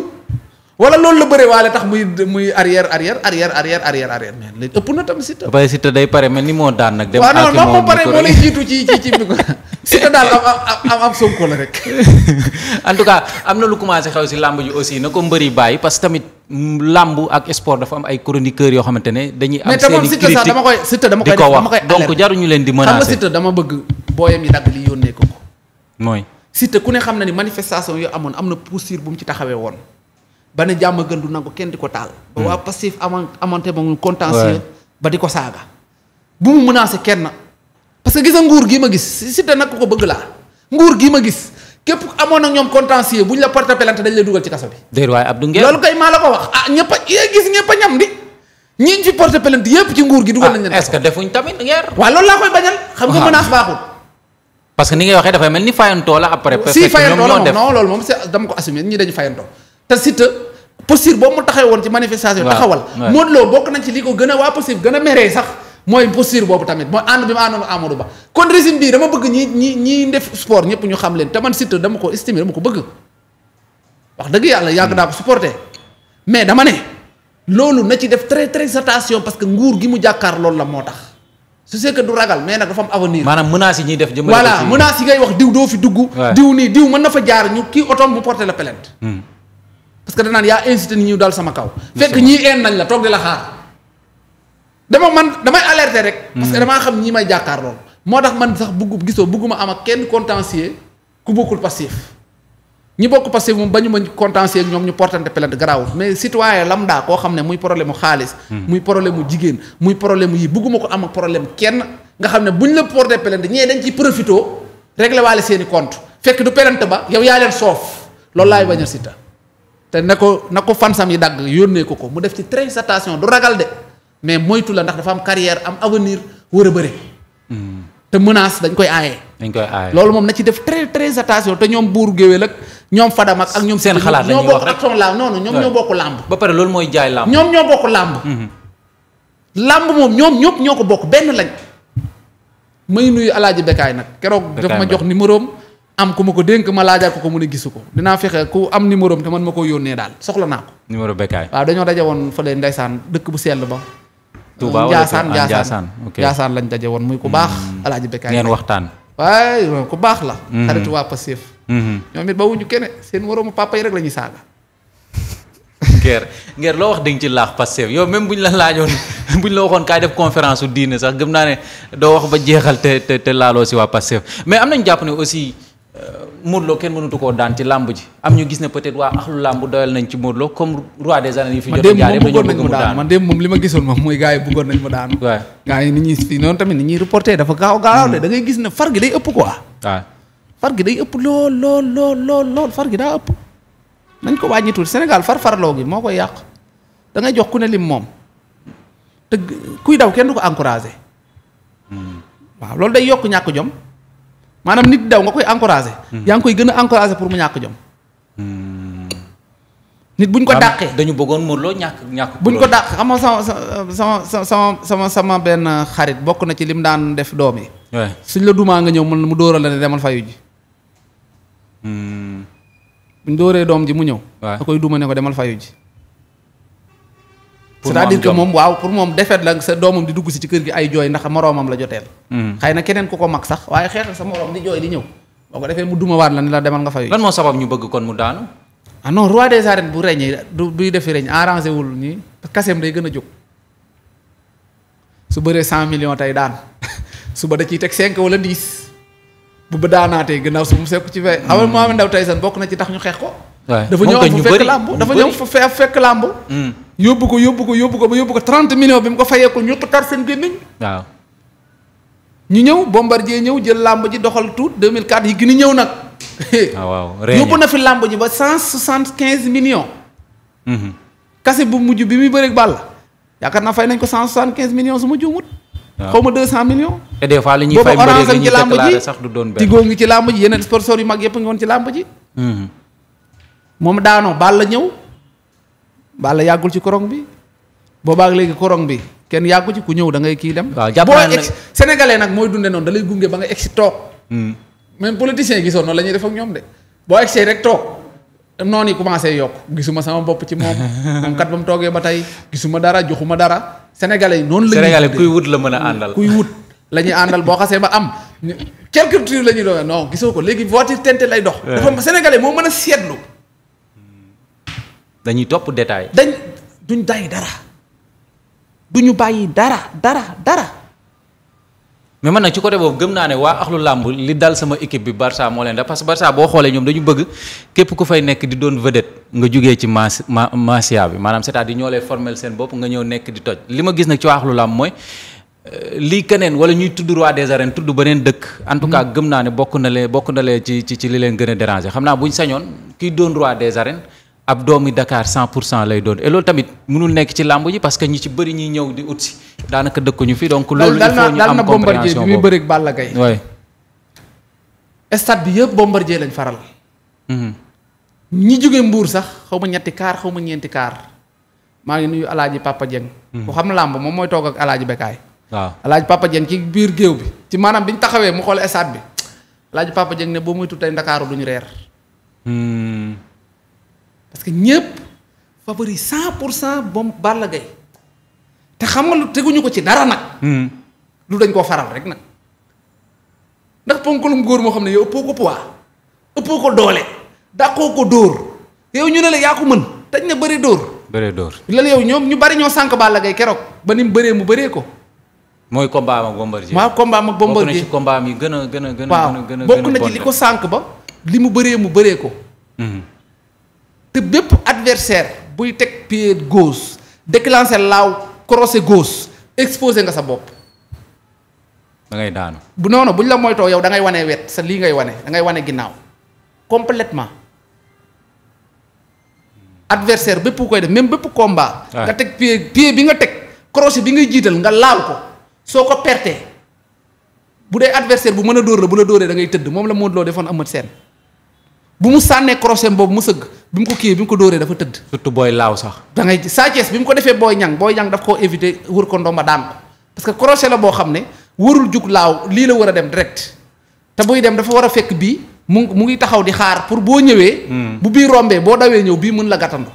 wala loolu la bëre waale tax muy muy arrière arrière arrière arrière arrière arrière mais léegi mel ni moo daan nag. dem rek. en tout cas am na lu commencé xew si làmb ji aussi na ko mbëri bàyyi parce que tamit mm, làmb ak sport dafa ay chroniqueurs yoo xamante ne dañuy. am seen i critique dama koy Siteu dama koy dama donc jaruñu leen di menacer. xam nga dama bëgg booyam yi dagg li yónnee ko ko. mooy Siteu ku ne xam na ni manifestation yu amoon am na poussière bu mu ci taxawee woon ba ne jàmm gën du nangu kenn di ko taal. ba waa hmm. passif aman amante moom contentieux ba di ko saaga. bu mu menacé kenn. parce que gis nguur gii ma gis Siteu nag ko bëgg laa nguur gii ma gis képp amoon la porté plainte dañ lay dugal ci kaso bi. déedéet la ko wax ah, a a ñam di. ñi ñu ci porté plainte yépp ci nguur gi. dugal ah, nañ ah. ni ngay waxee dafay mel ni fayantoo la après. si fayantoo la moom non loolu moom c'est dama ko assumer ñi dañu fayantoo te Siteu posture boobu mu woon ci manifestation. taxawal Modou Lo bokk nañ ci li ko gën a waa posture gën a meree sax mooy posture boobu tamit mooy ànd bi ma àndoon Amadou Ba kon dama bëgg ñi ñi ñiy def sport ñëpp ñu xam leen te man Siteu ko estimé dama ko bëgg wax dëgg yàlla yàgg naa ko supporté mais dama ne loolu na ci def très très attention parce que nguur gi mu jàkkaar loolu la moo tax. su c'est du ragal mais nag dafa am avenir. maanaam menaces yi ñuy def jëmale voilà menaces yi ngay wax diw doo fi dugg. diw diw mën na fa jaar ñu kii otoom mu porté la plainte. Hmm. parce que danaan yaa incité nit ñu dal sama kaw. fekk ñii een nañ la toog di la xaar. dama man damay alerter rek. parce que hmm. damaa xam ñii may jàkkaar lool. moo tax man sax bugg gisoo bugguma am ak kenn contentieux ku bokkul passif ñi bokk passif moom ba ñu ma contentieux ñoom ñu portante plainte garaawul mais citoyen lambda koo xam ne muy problème mu xaalis. Hmm. muy problème mu jigéen muy problème mu yii bugguma ko am ak problème kenn nga xam ne buñ la porté plainte ñee dañ ciy profité réglé waale seen i compte fekk du plainte ba yow yaa leen soof loolu laay te ne ko na ko fansam yi dagg yónnee ko ko mu def ci très attention du ragal de mais moytu la ndax dafa am carrière am avenir wër a bëre. Hmm. te menace dañ koy aaye. dañ koy aaye loolu moom na ci def très très te ñoom buur géwél ak ñoom Fadam ak ñoom. seen xalaat la ñuy wax rek ñoo bokk ak ñoom ñoo bokk làmb. ba pare loolu mooy jaay làmb. ñoom ñoo bokk làmb. Hmm. làmb moom ñoom ñëpp ñoo ko bokk benn lañ. may nuyu Alaaji Bekaay nag keroog daf ma jox numéro am am ku ma ko dénk ma laajaat ko ko mu ne gisu ko dinaa fexe ku am numéro am te man ma koo yónnee daal soxla naa ko. numéro bekkaay waaw dañoo daje woon fële Ndeysaan dëkk bu sell ba. Touba wala Njaasaan Njaasaan Njaasaan lañ daje woon muy ku baax. Hmm. alaaji bekkaay ngeen waxtaan. waaye ku baax la. Hmm. xaritu waa Pastef. Hmm. ñoom it ba wuñu kenn seen moroomu papa yi rek la ñuy saaga. Nguer Nguer loo wax di nga ci laax Pastef yow même bu la laajoon bu la waxoon kaay def conférence su diine sax gëm naa ne doo wax ba jeexal te te laaloo si waa mais am nañu jàpp ne aussi Euh, Modou Lo kenn mënutu koo daan ci làmb ji am ñu gis na peut-être waa axlu làmb doyal nañ ci Modou Lo comme roi des arènes yi fi jot a jaar dañu bëgg mu daan man démb moom li ma gisoon moom mooy gars yi bëggoon nañ mu daan waaw gars yi ni ñuy si noonu tamit ni ñuy reporté dafa gaaw gaaw de mm. da gis ne far gi day ëpp quoi waaw far gi day ëpp lool lool lool lool far gi daa ëpp nañ ko wàññi Sénégal far farloo gi moo koy yàq da ngay jox ku ne lim moom te kuy daw kenn du ko encouragé mm. waaw loolu day yokk ñàkk jom maanaam nit daw nga koy encouragé. Hmm. yaa ngi koy gën a encouragé pour mu ñàkk jom. Hmm. nit buñ ko dàqee dañu bëggoon Modou Lo ñàkk ñàkk. buñ ko dàq xam nga sama sama sama sama sama benn xarit bokk na ci lim daan def doom yi. suñ la dumaa nga ñëw mu dóoral la ne demal fayu ji. Hmm. buñ dóoree doom ji mu ñëw. da koy duma ne ko demal fayu ji. c'est-à-dire que moom waaw pour moom defet la sa doomam di dugg si ci kër gi ay jooy ndax moroomam la joteel hmm. xëy na keneen ku ko mag sax waaye xeexal sa moroom di jooy di ñëw boo ko defee mu duma waat la ni la demal nga fayu lan moo sabab ñu bëgg kon mu ah a su bëree cent millions tey daan suba da ciy teg cinq wala dix bu ba daanaatee gannaaw su mu sekk ci fee xam nga Mohamed Ndao Tyson bokk na ci tax ñu xeex ko dafa ñëw fa fekk làmb dafa ñëw fekk làmb yóbbu ko yóbbu ko yóbbu ba yóbbu ko 30 millions bi mu ko fayee ko ñu kar seen gémmiñ waaw ñu ñëw Bombardier ñëw jël làmb ji doxal tuut 2004 yi kini ñëw nag. Ah, waaw yóbbu na fi làmb ji ba 175 millions. Mhm. kase bu mujj bi muy bëreeg bàll. yaakaar naa fay nañ ko 175 millions su ma juumut. waaw xaw ma 200 millions. te des fois li ñuy fay mbëri ngi ci làmb ji sax du doon benn tigóo ngi ci làmb ji yeneen sponsors yu mag yëpp ngi woon ci làmb ji. Mhm. moom daanoo bàll ñëw. Balla yàggul ci korong bi boobaag léegi koron bi kenn yàggu ci ku ñëw da ngay kii dem. waaw jàpp naa ne boo nag mooy dunde noonu da lay ba nga egsi toog. Hmm. même politiciens yi gisoon noonu la ñuy def ak ñoom de boo egsee rek toog noonu yi commencé yokk gisuma sama bopp ci moom kat ba mu toogee ba tey gisuma dara joxuma dara sénégalais yi noonu. la ñuy sénégalais kuy wut la mën a àndal kuy wut. la ñuy àndal boo xasee ba am quelque culture la ñuy doon non gisoo ko léegi voiture tente lay dox. dafa sénégalais moo mën a seetlu. dañuy topp détail. dañ duñ bàyyi dara duñu bàyyi dara dara dara. mais man nag ci côté boobu gëm naa ne waa axlu làmb li dal sama équipe bi Barça moo leen da parce que boo xoolee ñoom dañu bëgg képp ku fay nekk di doon vedette nga jugee ci mas ma masia bi maanaam cest di dire ñoo lay formel seen bopp nga ñëw nekk di toj li ma gis nag ci waa axlu làmb mooy. Euh, lii keneen wala ñuy tudd roi des arènes tudd beneen dëkk. en tout cas mm-hmm. gëm naa ne bokk na lee bokk na lee ci ci li leen gën a xam naa bu ñu sañoon kiy doon roi des arènes. ab doomi Dakar cent pour cent lay doon et loolu tamit mënul nekk ci làmb ji parce que ñi ci bëri ñi ñëw di ut si daanaka dëkkuñu fi donc. loolu il ñu am compréhension boobu dal na dal na Bombardier bi muy bëri ak Balla bi yëpp Bombardier lañ faral. Mm-hmm. ñi jóge Mbour sax xaw ma ñetti kaar xaw ma ñeenti kaar maa ngi nuyu Alaaji Papa Dieng. Mm-hmm. ku xam làmb moom mooy toog ak Alaaji Bekaay. waaw Alaaji Papa Dieng ci biir géew bi ci maanaam bi ñu taxawee mu xool stade bi Alaaji Papa Dieng ne boo moytu tey Ndakaaru duñu reer. Mm-hmm. parce que ñëpp favori cent pour cent boom Balla Gaye te xam nga lu teguñu ko ci dara nag. Hmm. lu dañ koo faral rek nag. ndax ponkalum góor moo xam ne yow ëppoo ko poids ëppoo ko doole dàqoo ko dóor yow ñu ne la yaa ko mën dañ ne bari dóor. bëree dóor lan yow ñoom ñu bari ñoo sànq Balla gay keroog ba ni mu bëree mu bëree ko. mooy combat am ak Bombardier. waaw combat am ak Bombardier bokk na ci combat am yi gën a gën a gën a gën a a bokk na ci li ko sànq ba li mu bëree mu bëree ko. Hmm. te bépp adversaire buy teg pied gauche déclencher laaw croisé gauche exposé nga sa bopp. da ngay bu noonu buñ la moytoo yow da ngay wane wet sa lii ngay wane da ngay wane ginnaaw complètement adversaire bépp koy def même bépp combat. nga teg pied pied bi nga teg crochet bi ngay jiital nga laal ko soo ko perte bu dee adversaire bu mën a dóor la bu la dóoree da tëdd moom la Modou Lo defoon Eumeu Sène bu mu sànnee crochet boobu mu sëgg bi mu ko kiiyee bi mu ko dóoree dafa tëdd. surtout booy laaw sax. da ngay Sa Thiès bi mu ko defee booy ñang booy ñang daf koo éviter wër ko ndomba daan ko parce que crochet la boo xam ne warul jug laaw lii la war a dem direct te buy dem dafa war a fekk bii mu mu ngi taxaw di xaar pour boo ñëwee. Hmm. bu bii rombee boo dawee ñëw bii mën la gàttandu.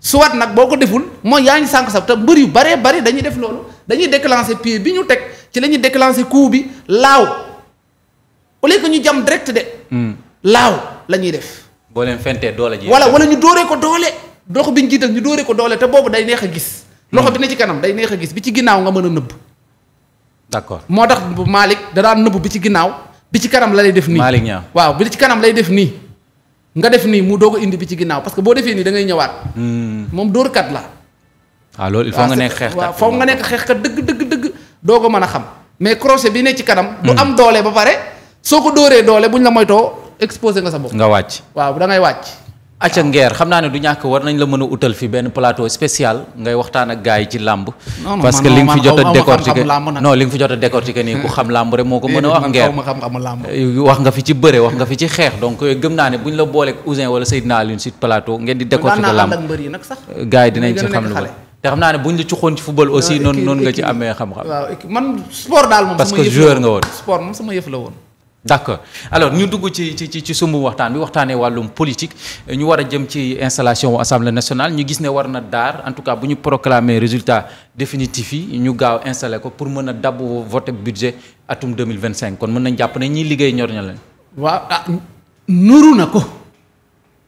suwat nag boo ko deful mooy yaa ngi sànq sax te mbër yu baree bari dañuy def loolu dañuy déclencher pied bi ñu teg ci la ñuy déclencher coup bi laaw au ñu jam direct de. Hmm. laaw la ñuy def. boo leen fentee doole ji. wala wala ñu dooree ko doole. loxo bi ñu jiital ñu dooree ko doole te boobu day neex a gis. loxo bi ne ci kanam day neex a gis bi ci ginnaaw nga mën a nëbb. d'accord moo tax Malick da daan nëbb bi ci ginnaaw bi ci kanam la lay def. nii Malick Niang waaw bi ci kanam lay def nii. nga def nii mu doog indi bi ci ginnaaw parce que boo defee nii da ñëwaat. Hmm. moom dóorkat la. waaw ah, loolu il ah, nga nekk xeexkat waaw foog nga nekk xeexkat dëgg dëgg dëgg. doo ko mën a xam mais crochet bi ne ci kanam. du hmm. am doole ba pare soo ko dóoree doole bu buñ la moytoo exposé nga sa bopp. nga wàcc waaw da wàcc. acca ngeer xam naa ne du ñàkk war nañ la mën a utal fi benn plateau spécial ngay waxtaan ak gars ci làmb parce li nga fi a a décortiquer eh, eh, ci bëre wax nga fi ci xeex donc eh, gëm naa ne bu ñu la booleeg Ousin wala Seydina Alioune si plateau ngeen di décortiquer làmb gars dinañ ci xam lu bëri te xam naa ne bu ñu la cuxoon ci football aussi noonu nga ci amee xam-xam waaw joueur nga woon d'accord alors ñu dugg ci ci ci sumb waxtaan bi waxtaanee wàllum politique ñu war a jëm ci installation wu assemblée nationale ñu gis ne war na daar en tout cas bu ñu proclamer résultat définitif yi ñu gaaw installé ko pour mën a dabb voté budget atum 2025 kon mën nañ jàpp ne ñi liggéey ñor na leen. waaw ah nuru na ko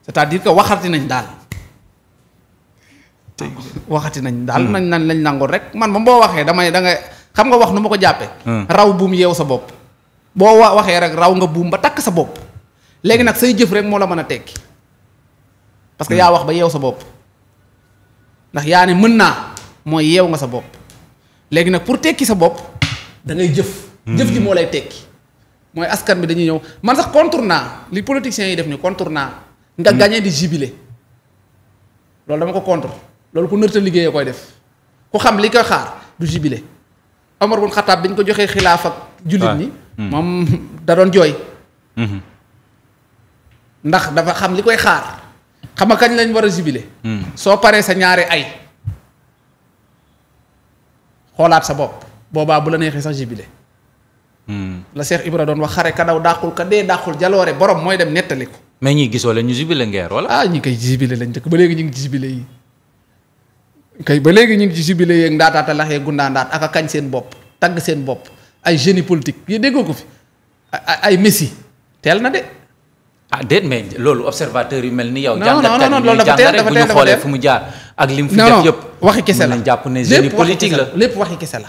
c'est-à-dire que waxati nañ daal. waxati nañ daal. Hmm. nañ nañ lañ nangoon rek man moom boo waxee damay da nga xam nga wax nu ma ko jàppee. Hmm. raw bu mu yeew sa bopp. boo wa waxee rek raw nga buum ba takk sa bopp léegi nag say jëf rek moo la mën a tekki parce que hmm. yaa wax ba yeew sa bopp ndax yaa ne mën naa mooy yeew nga sa bopp léegi nag pour tekki sa bopp da jëf. Hmm. jëf ji moo lay tekki mooy askan bi dañuy ñëw man sax contre naa li politiciens yi def ni contre naa nga hmm. gagné di jubilé loolu dama ko contre loolu ku nërta liggéeyee koy def ku xam li koy xaar du jubilé Omar bun Xataab bi ñu ko joxee xilaaf ak. jullit ñi. Hmm. moom da doon jooy. Hmm. ndax dafa xam li koy xaar. xam nga kañ lañ war a jubilé. Hmm. soo paree sa ñaari ay. xoolaat sa bopp boobaa bu la neexee sax jubilé. la seex Ibra doon wax xare ka daw dàqul ka dee dàqul jaloore borom mooy dem nettali ko. mais ñi gisoo leen ñu jubilé ngeer wala. ah ñi koy jubilé lañ dëkk ba léegi ñu ngi ci jubilé yi. kay ba léegi ñu ngi ci jubilé yeeg ndaataata laxee gundaa ndaat ak a kañ seen bopp tagg seen bopp. ay génie politique yi déggoo ko fi ay Messi teel na de. ah déet mais loolu observateur yu mel ni yow. jàngatkat yi ñuy jàngale bu ñu xoolee fu mu jaar ak lim fi def yëpp waxi kese la jàpp ne génie politique la lépp waxi kese la.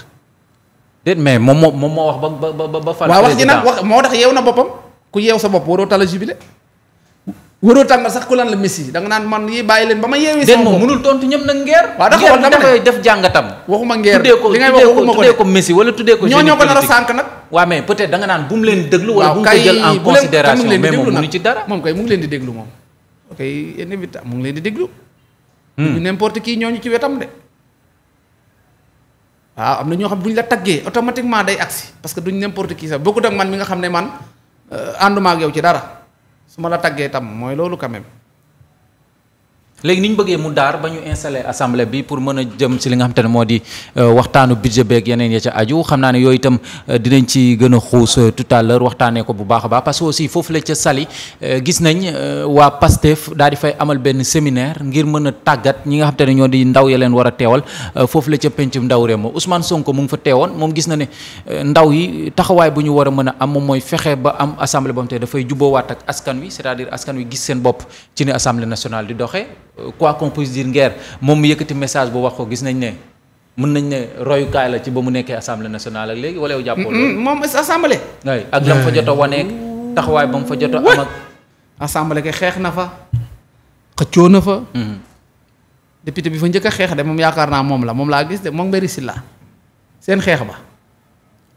déet mais moom moo moom moo wax ba ba ba ba. fan président waaw wax moo tax yeew na boppam ku yeew sa bopp waroo tala jubilé waroo tàngal sax ku lan la Messi da nga naan man yi bàyyi leen ba ma yeewee. sama bopp mënul tontu ñëpp nag ngeer. waaw d'accord dama ne def jàngatam. waxuma ngeer li ngay waxuma ko tuddee ko Messi wala tuddee ko. ñoo ko nar a sànq nag. waaw mais peut-être da naan bu mu leen déglu. wala bu mu ko jël en considération moom mënu ci dara. mu ngi leen di déglu moom. ok inévitable mu ngi leen di déglu. Hmm. du n'importe qui ñooñu ci wetam de. waaw am na ñoo xam bu ñu la taggee automatiquement day agsi parce que duñ n'importe qui sax bokkut ak man mi nga xam ne man euh, ànduma ak ci dara ma la taggee tam mooy loolu quand même léegi ni bëggee mu daar ba ñu installé assemblée bi pour mën a jëm si li nga xam ne moo di euh, waxtaanu budget beeg yeneen ya ca aju xam naa ne yooyu itam euh, dinañ ci gën a xuus euh, tout à l'heure waxtaanee ko bu baax a baax parce que aussi foofu la ca sali gis nañ waa PASTEF daal di fay amal benn séminaire ngir mën a tàggat ñi nga xam ne ñoo di ndaw ya leen war a teewal foofu la ca pencum ndaw réew ma Ousmane Sonko mu ngi fa teewoon moom gis na ne ndaw yi taxawaay bu ñu war a mën a am moom mooy fexe ba am assemblée ba dafay jubboowaat ak askan wi c'est-à-dire askan wi gis seen bopp ci ni assemblée nationale di doxee quoi qu'on puisse moom mu yëkkati message bu wax ko gis nañ ne mën nañ ne royukaay la ci ba mu nekkee assemblée nationale ak léegi wala yow jàppoo loolu. moom assemblée. ak la mu fa jot a waneeg taxawaay ba mu fa jot a am ak. assemblée kay xeex na fa xëccoo na fa. Mm-hmm. député bi fa njëkk a xeex de moom yaakaar naa moom la moom laa gis de moom Mbéri Sylla seen xeex ba.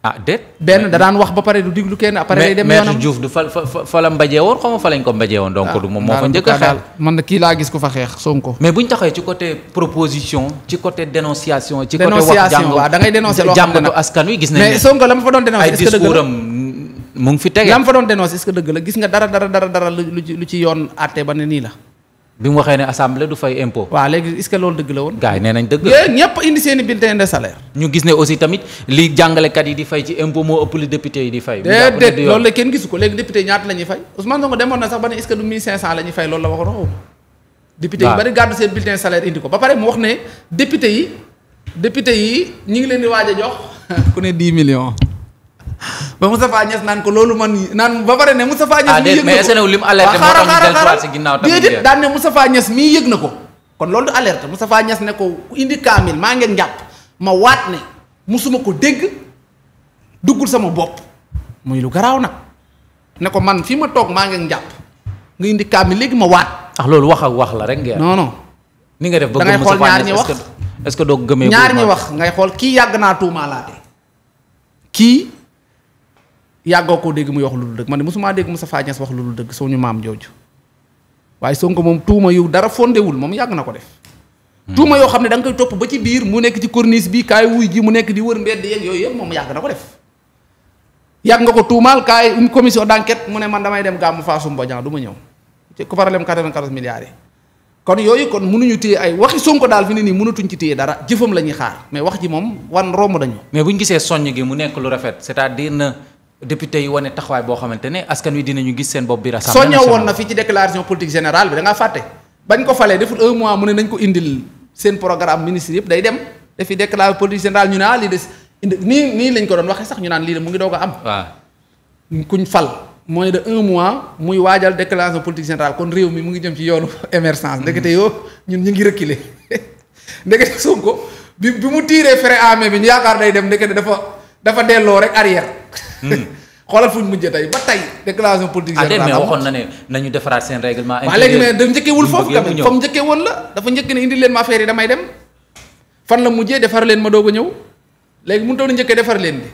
ah déet. benn da daan wax ba pare du diglu kenn après day dem yoonam mais Diouf du fa fa fa la mbajee woon xaw fa lañ ko mbajee woon. donc ah, du moom moo fa njëkk a xeex kii laa gis ku fa xeex Sonko. mais bu ñu taxee ci côté ci côté dénonciation. ci côté wax jàng waaw da ngay dénoncer loo xam askan wi gis nañ mais Sonko la ma fa doon dénoncer est mu ngi fi tege. la fa doon dénoncer est dëgg la gis nga dara dara dara dara lu ci lu ci yoon àtte ba ne nii la bi mu waxee ne assemblée du fay impôt. waaw léegi est-ce que loolu dëgg la woon. gars nee nañ dëgg. ñëpp indi seen i de salaire. ñu gis ne aussi tamit li jàngalekat yi di fay ci impôt moo ëpp li député yi di fay. déedéet loolu la kenn gisu ko léegi député ñaata la ñuy fay Ousmane Sonko demoon na sax ba ne est-ce que du 1500 la fay loolu la waxoon waxu. député yi bari gàddu seen bulletin salaire indi ko ba pare mu wax ne député yi député yi ñu ngi leen di waaj a jox ku ne ba Moustapha Niass naan ko loolu man naan ba pare ne Moustapha ah, Niass. mii yëg na ko ah mais lim alerte moo tax ñu delluwaat si na ko kon loolu du alerte Moustapha Niass ne ko indi kaamil maa ngeen njàpp ma waat ne musuma ko dégg duggul sama bopp muy lu garaaw nag ne ko man fi ma toog maa ngeen njàpp nga indi kaamil léegi ma waat. ah loolu wax ak wax la rek ngeen. non ni nga def ba gëm Moustapha Niass est-ce que doo gëmee ñaar ñi wax ngay xool kii yàgg naa tuumaalaate kii yàggoo koo dégg muy wax lu dul dëgg man de mosuma dégg Moustapha Niass wax lu dul dëgg suñu maam jooju waaye Sonko moom tuuma yu dara fondewul moom yàgg na ko def. Hmm. tuuma yoo xam ne da koy topp ba ci biir mu nekk ci corniche bi kaay wuy ji mu nekk di wër mbedd yeeg yooyu yëpp moom yàgg na ko def. yàgg nga ko tuumaal kaay une commission d'enquête mu ne man damay dem gàmmu Fassou Mbodian du ma ñëw ci ko problème 94 milliards yi. kon yooyu kon mënuñu téye ay waxi Sonko daal fi ne nii mënatuñ ci téye dara jëfam la ñuy xaar mais wax ji moom wan romb dañu. mais buñ gisee soññ mu nekk lu rafet cest na député yi wane taxawaay boo xamante ne askan wi dinañu gis seen bopp biir assemblée nationale. soo ñëw woon na fi ci déclaration politique générale bi da fàtte bañ ko falee deful un mois mu ne nañ ko indil seen programme ministre yëpp day dem fi déclaration politique générale ñu ne ah lii des indi nii nii lañ ko doon waxee sax ñu naan lii de mu ngi doog a am. waaw kuñ fal. mooy de un mois muy waajal déclaration politique générale kon réew mi mu ngi jëm ci yoonu émergence. Mm-hmm. ndekete yoo ñun ñu ngi reculer ndekete Sonko bi bi mu tiiree frein à bi yaakaar day dem ndekete dafa dafa delloo rek arrière. xoolal fu ñu mujjee tey ba tey déclaration politique ah, générale mais waxoon na ne nañu defaraat seen règlement intérieur waaw léegi mais da njëkkeewul foofu tamit fa mu njëkkee woon la dafa njëkk ne indi leen ma affaire la defar leen ma doog a ñëw léegi mënu toon a njëkkee defar leen bi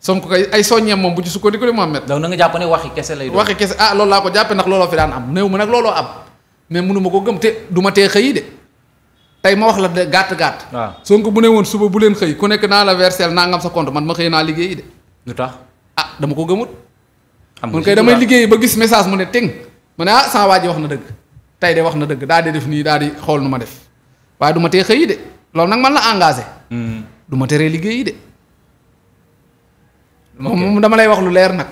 Sonko kay ay soññeem moom bu ci sukkandiku de Mohamed donc na nga jàpp ne waxi kese lay doon waxi kese ah loolu laa ko jàppe ndax looloo fi daan am looloo am mais mënuma ko gëm te du ma tee xëy de tey ma wax la de gàtt gàtt Sonko bu ne woon suba bu leen xëy ku nekk naa la versel nangam sa compte man ma xëy naa liggéey de lu tax ah dama ko gëmut. xam nga koy damay liggéey ba gis message mu ne tëng mu ne ah sama waa ji wax na dëgg tey de wax na dëgg daal di def nii daal di xool nu ma def waaye duma te tee xëy de loolu nag man la engage hmm. du ma teree liggéey de. moom dama lay wax lu leer nag.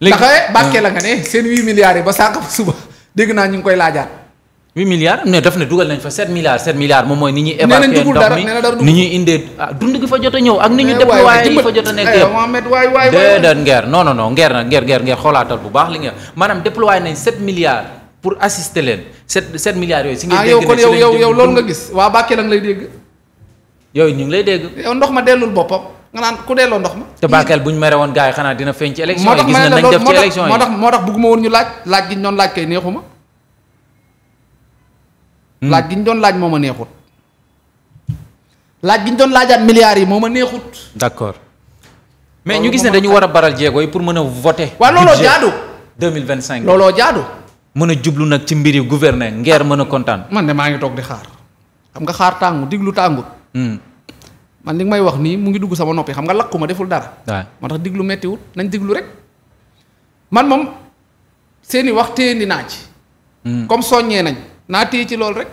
léegi taxawee eh, hmm. bàkkee la nga ne seen huit milliards yi ba sànq suba dégg naa ñu ngi koy laajaat. 8 milliards ne daf ne dugal nañ fa 7 milliards 7 milliards moom mooy ni ñuy évacuer ndox mi ni ñuy indee ah, dund gi fa jot a ñëw ak ni ñu déployé yi fa jot a nekk eh, yëpp déedéet ngeer non non non ngeer na bu baax li nga maanaam déployé nañ 7 milliards pour assister leen 7 7 milliards ah, nga gis a ngi ñu ngi lay dégg yow ndox ma dellul boppam nga naan ku delloo ndox ma te Bakel bu ñu mere woon gars yi xanaa dina feeñ ci élection yi moo tax moo tax bugguma woon ñu laaj laaj gi ñoon laaj kay neexuma Hmm. laaj gi ñu doon laaj moo ma neexut. laaj gi doon laajaat milliards yi moo ma neexut. d'accord mais ñu gis ne dañu war a baral jéego yi pour mën a voter. waaw looloo jaadu 2025 looloo jaadu. mën a jublu nag ci mbiri gouverner ngeer mën a kontaan. man ne maa ngi toog di xaar xam nga xaar tàngu diglu tàngut. Hmm. man li may wax nii mu ngi dugg sama noppi xam nga lakku ma deful dara. waaw moo tax diglu méttiwut nañ diglu rek man moom seeni wax téendi naa ci. Hmm. comme soññee nañ. naa téye ci loolu rek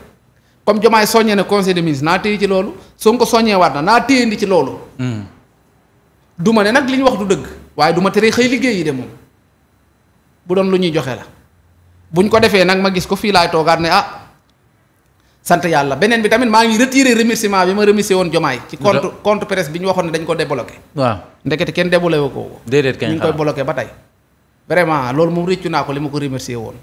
comme Diomaye soññee ne conseil des ministres naa téye ci loolu Sonko soññee waat na naa téye ndi ci loolu. Hmm. du ma ne nag li ñu wax du dëgg waaye du ma tere xëy liggéey yi de moom bu doon lu ñuy joxe la buñ ko defee nag ma gis ko fii laay toogaat ne ah sant yàlla beneen bi tamit maa ngi retiré remerciement bi ma remercié woon Diomaye. ci compte compte presse bi ñu waxoon ne dañ ko débloqué. waaw ndekete kenn débloqué ko. déedéet kañ ñu koy ba tey. vraiment loolu moom réccu naa ko li ma ko remercié woon.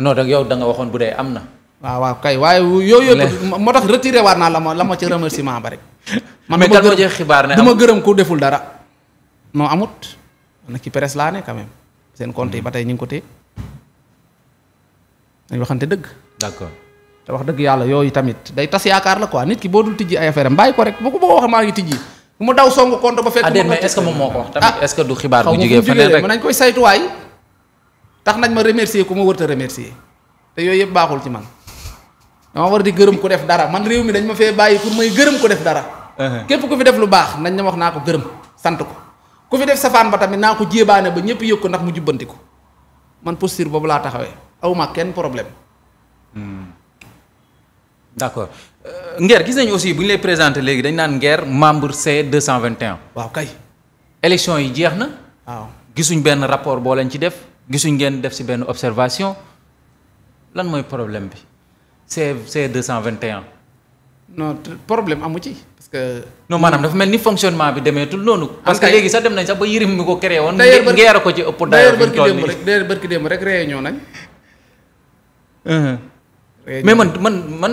non donc yow da nga waxoon bu dee am na. waaw waaw kay waaye yooyu yëpp moo tax retiré waat naa la ma la ma ci remerciement ba rek. man mais xibaar ne du ma gërëm ku deful dara. non amut na ci presse laa ne seen compte yi mm. ba tey ñu ngi ko téye dañ waxante dëgg. d'accord te wax dëgg yàlla yooyu tamit day tas yaakaar la quoi nit ki boo dul tijji ay affaire am bàyyi ko rek bu ko bëggoon wax maa ngi tijji. mu daw songu compte ba fekk. mu est-ce moom moo ko tamit ah, est du xibaar tax nañ ma remercier ku ma wërta remercier te yooyu yëpp baaxul ci man dama war di gërëm ku def dara man réew mi dañ ma fee bàyyi pour may gërëm ko def dara uh-huh. képp ku fi def lu baax nañ na wax naa ko gërëm sant ko ku fi def safaan ba tamit naa ko jéebaane ba ñëpp yëg ko ndax mu jubbanti ko man posture boobu laa taxawee awma kenn problème hmm. d'accord euh, ngeer gis nañu aussi bu ñu lay présenté léegi dañ naan Nguer membre C221 waaw kay élection yi jeex na waaw gisuñ benn rapport boo leen ci def gisuñ ngeen def si benn observation lan mooy problème bi c'est c'est 221. non problème amu ci. parce que. non maanaam dafa mel ni fonctionnement bi demeetul noonu. parce que léegi sax dem nañ sax ba yirim mi ko créé woon. ngeer ko ci ëpp d'ailleurs bi toll nii d'ailleurs bërki démb rek man man man.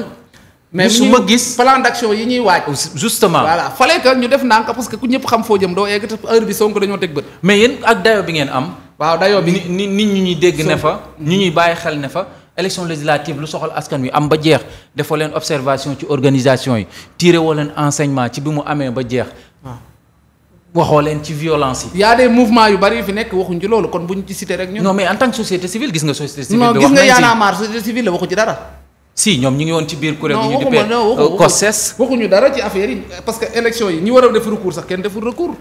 su ma gis plan d'action yi ñuy waaj. justement voilà fallait que ñu def ndànk parce que ku ñëpp xam foo jëm doo egg te heure bi Sonko dañoo teg bët. mais yéen ak dayo bi ngeen am. waaw dayoo bi ni nit ñi ñuy dégg ne fa ñu ñuy bàyyi xel ne fa élection législative lu soxal askan wi am ba jeex defoo leen observation ci organisation yi tiré woo leen enseignement ci bi mu amee ba jeex waxoo leen ci violence yi. y a des mouvements yu bari yu fi nekk waxuñ loolu kon buñ ci cité rek ñun. non en tant société civile gis nga société civile. gis nga Y a marre société civile la waxu dara. si ñoom ñu ngi woon ci biir kuréel. non waxuma euh, ñu dara ci affaire yi parce que élection yi ñi war a def recours sax kenn deful recours.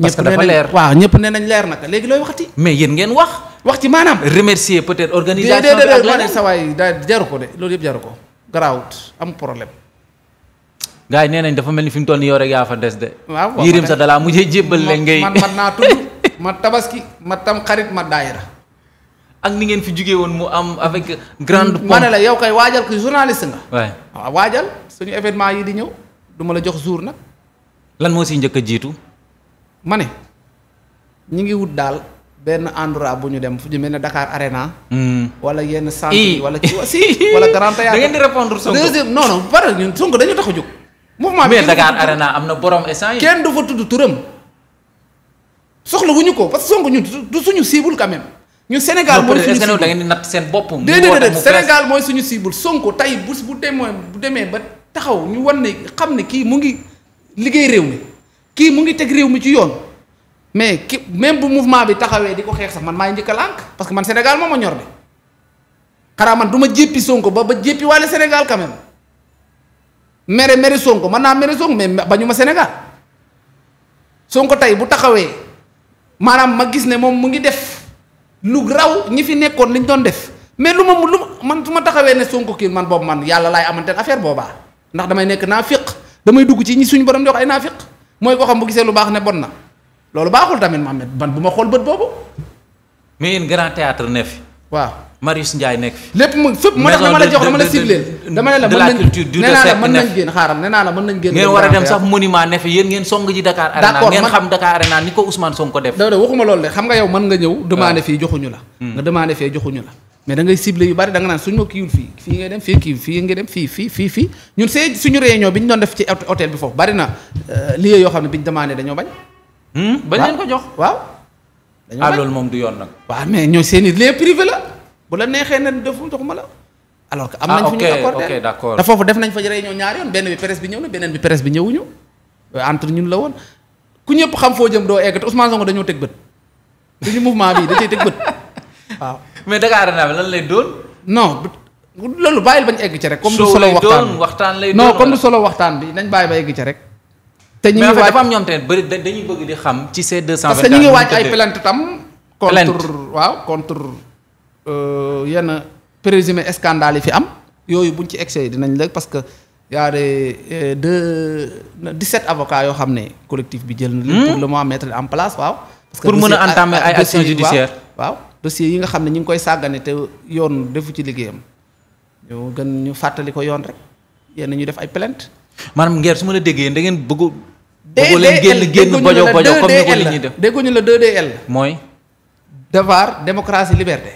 parce que dafa leer waaw ñëpp nee nañ leer naka léegi looy waxati. mais yéen ngeen wax. wax ci maanaam. remercier peut-être organisation bi ak leneen sa waay daal jaru ko de loolu yëpp jaru ko. garaawut am problème. gars yi nee nañ dafa mel ni fi mu toll nii yow rek yaa fa des de. waaw yirim sa dalaa mujjee jébbal la ngay. man man naa tudd ma tabaski ma tam xarit ma daayira ak ni ngeen fi jugee woon mu am avec grande pompe. ma ne la yow kay waajal ko journaliste nga. waay waaw waajal suñu événement yi di ñëw du ma la jox jour nag. lan moo siy njëkk a jiitu. ma ne ñi ngi wut daal benn endroit bu ñu dem fu ñu mel ne Dakar Arena. Hmm. wala yenn centre yi wala ci si wala Grand Théâtre da ngeen di répondre Sonko deuxième non non pare ñun Sonko dañu tax a jóg. mouvement bi Dakar Arena am na borom essence kenn du tudd turam. soxla wuñu ko parce que Sonko ñun du suñu cible quand ñu Sénégal mooy suñu cible da ngeen di natt seen bopp. déedéet déedéet Sénégal mooy suñu cible Sonko tey bu bu demee bu demee ba taxaw ñu wan ne xam ne kii mu ngi liggéey réew mi. kii mu ngi teg réew mi ci yoon mais ki même bu mouvement bi taxawee di ko xeex sax man maay njëkk a lànk parce que man Sénégal moo ma ñor de xanaa man du ma jéppi Sonko ba ba jéppi wàlle Sénégal kame même mere mere Sonko mën naa mere Sonko mais bañu ma Sénégal Sonko tey bu taxawee maanaam ma gis ne moom mu ngi def lu raw ñi fi nekkoon liñ doon def mais lu ma lu man su ma taxawee ne Sonko kii man boobu man yàlla laay amanteel affaire boobaa ndax damay nekk naa fiq damay dugg ci ñi suñu borom di ay naa fiq mooy koo xam bu gisee lu baax ne bon na loolu baaxul tamit Mohamed ban bu ma xool bët boobu. mais yéen grand théâtre ne fi. waaw Marius Ndiaye nekk fi. lépp mu fépp mu def dama la jox dama la cibleel. dama ne la naa la mën nañ génn xaaral nee naa la mën nañ génn. ngeen war a dem sax monument ne fi ngeen song ji Dakar Arena. ngeen xam Dakar Arena ni ko Ousmane Sonko def. da da waxuma loolu de xam nga yow mën nga ñëw. demandé ah. fii joxuñu la. Hmm. nga demandé fee joxuñu la mais da ngay ciblé yu bari da nga naan suñu ma kiiwul fii fii ngay dem fii kii fii ngay dem fii fii fii fii ñun see suñu réunion bi ñu doon def ci hôtel bi foofu bari na euh, lieu yoo xam ne bi ñu demandé dañoo bañ. Hmm? bañ leen ko jox waaw. Ah, dañoo bañ loolu moom du yoon nag. waaw mais ñoo seen i lieu privé la bu la neexee ne deful joxuma la. alors que am nañ ah, fu ñu accordé d'accord te foofu def nañ fa réunion ñaari yoon benn bi presse bi ñëw na beneen bi presse bi ñëwuñu euh, entre ñun la woon ku ñëpp xam foo jëm doo egg te Ousmane Sonko dañoo teg bët suñu mouvement bi da cay teg bët waaw mais Dakar naa lan lay doon. non loolu bàyyil bañ egg ci rek. comme du solo waxtaan lay doon non comme du solo waxtaan bi nañ bàyyi ba egg ci rek. te ñu ngi waaj dafa am ñoom tamit bëri dañuy xam ci ces deux cent vingt ay plainte tam. contre waaw contre euh, yenn présumé scandale yi fi am. yooyu buñ ci excès dinañ la parce que y de des euh, deux dix-sept avocats yoo xam ne collectif bi jël na. Hmm? pour le moment mettre en place waaw. parce que pour mën a entamer ay action judiciaire waaw. dossiers yi nga xam ne ñu ngi koy sàggane te yoon defu ci liggéeyam ñu gën ñu fàttali ko yoon rek yenn ñu def ay plant maanaam ngeer su ma la déggee da ngeen bëggu bëggu leen génn génn bojo bojo comme ni ko li ñuy def dégguñu la 2DL mooy devoir démocratie liberté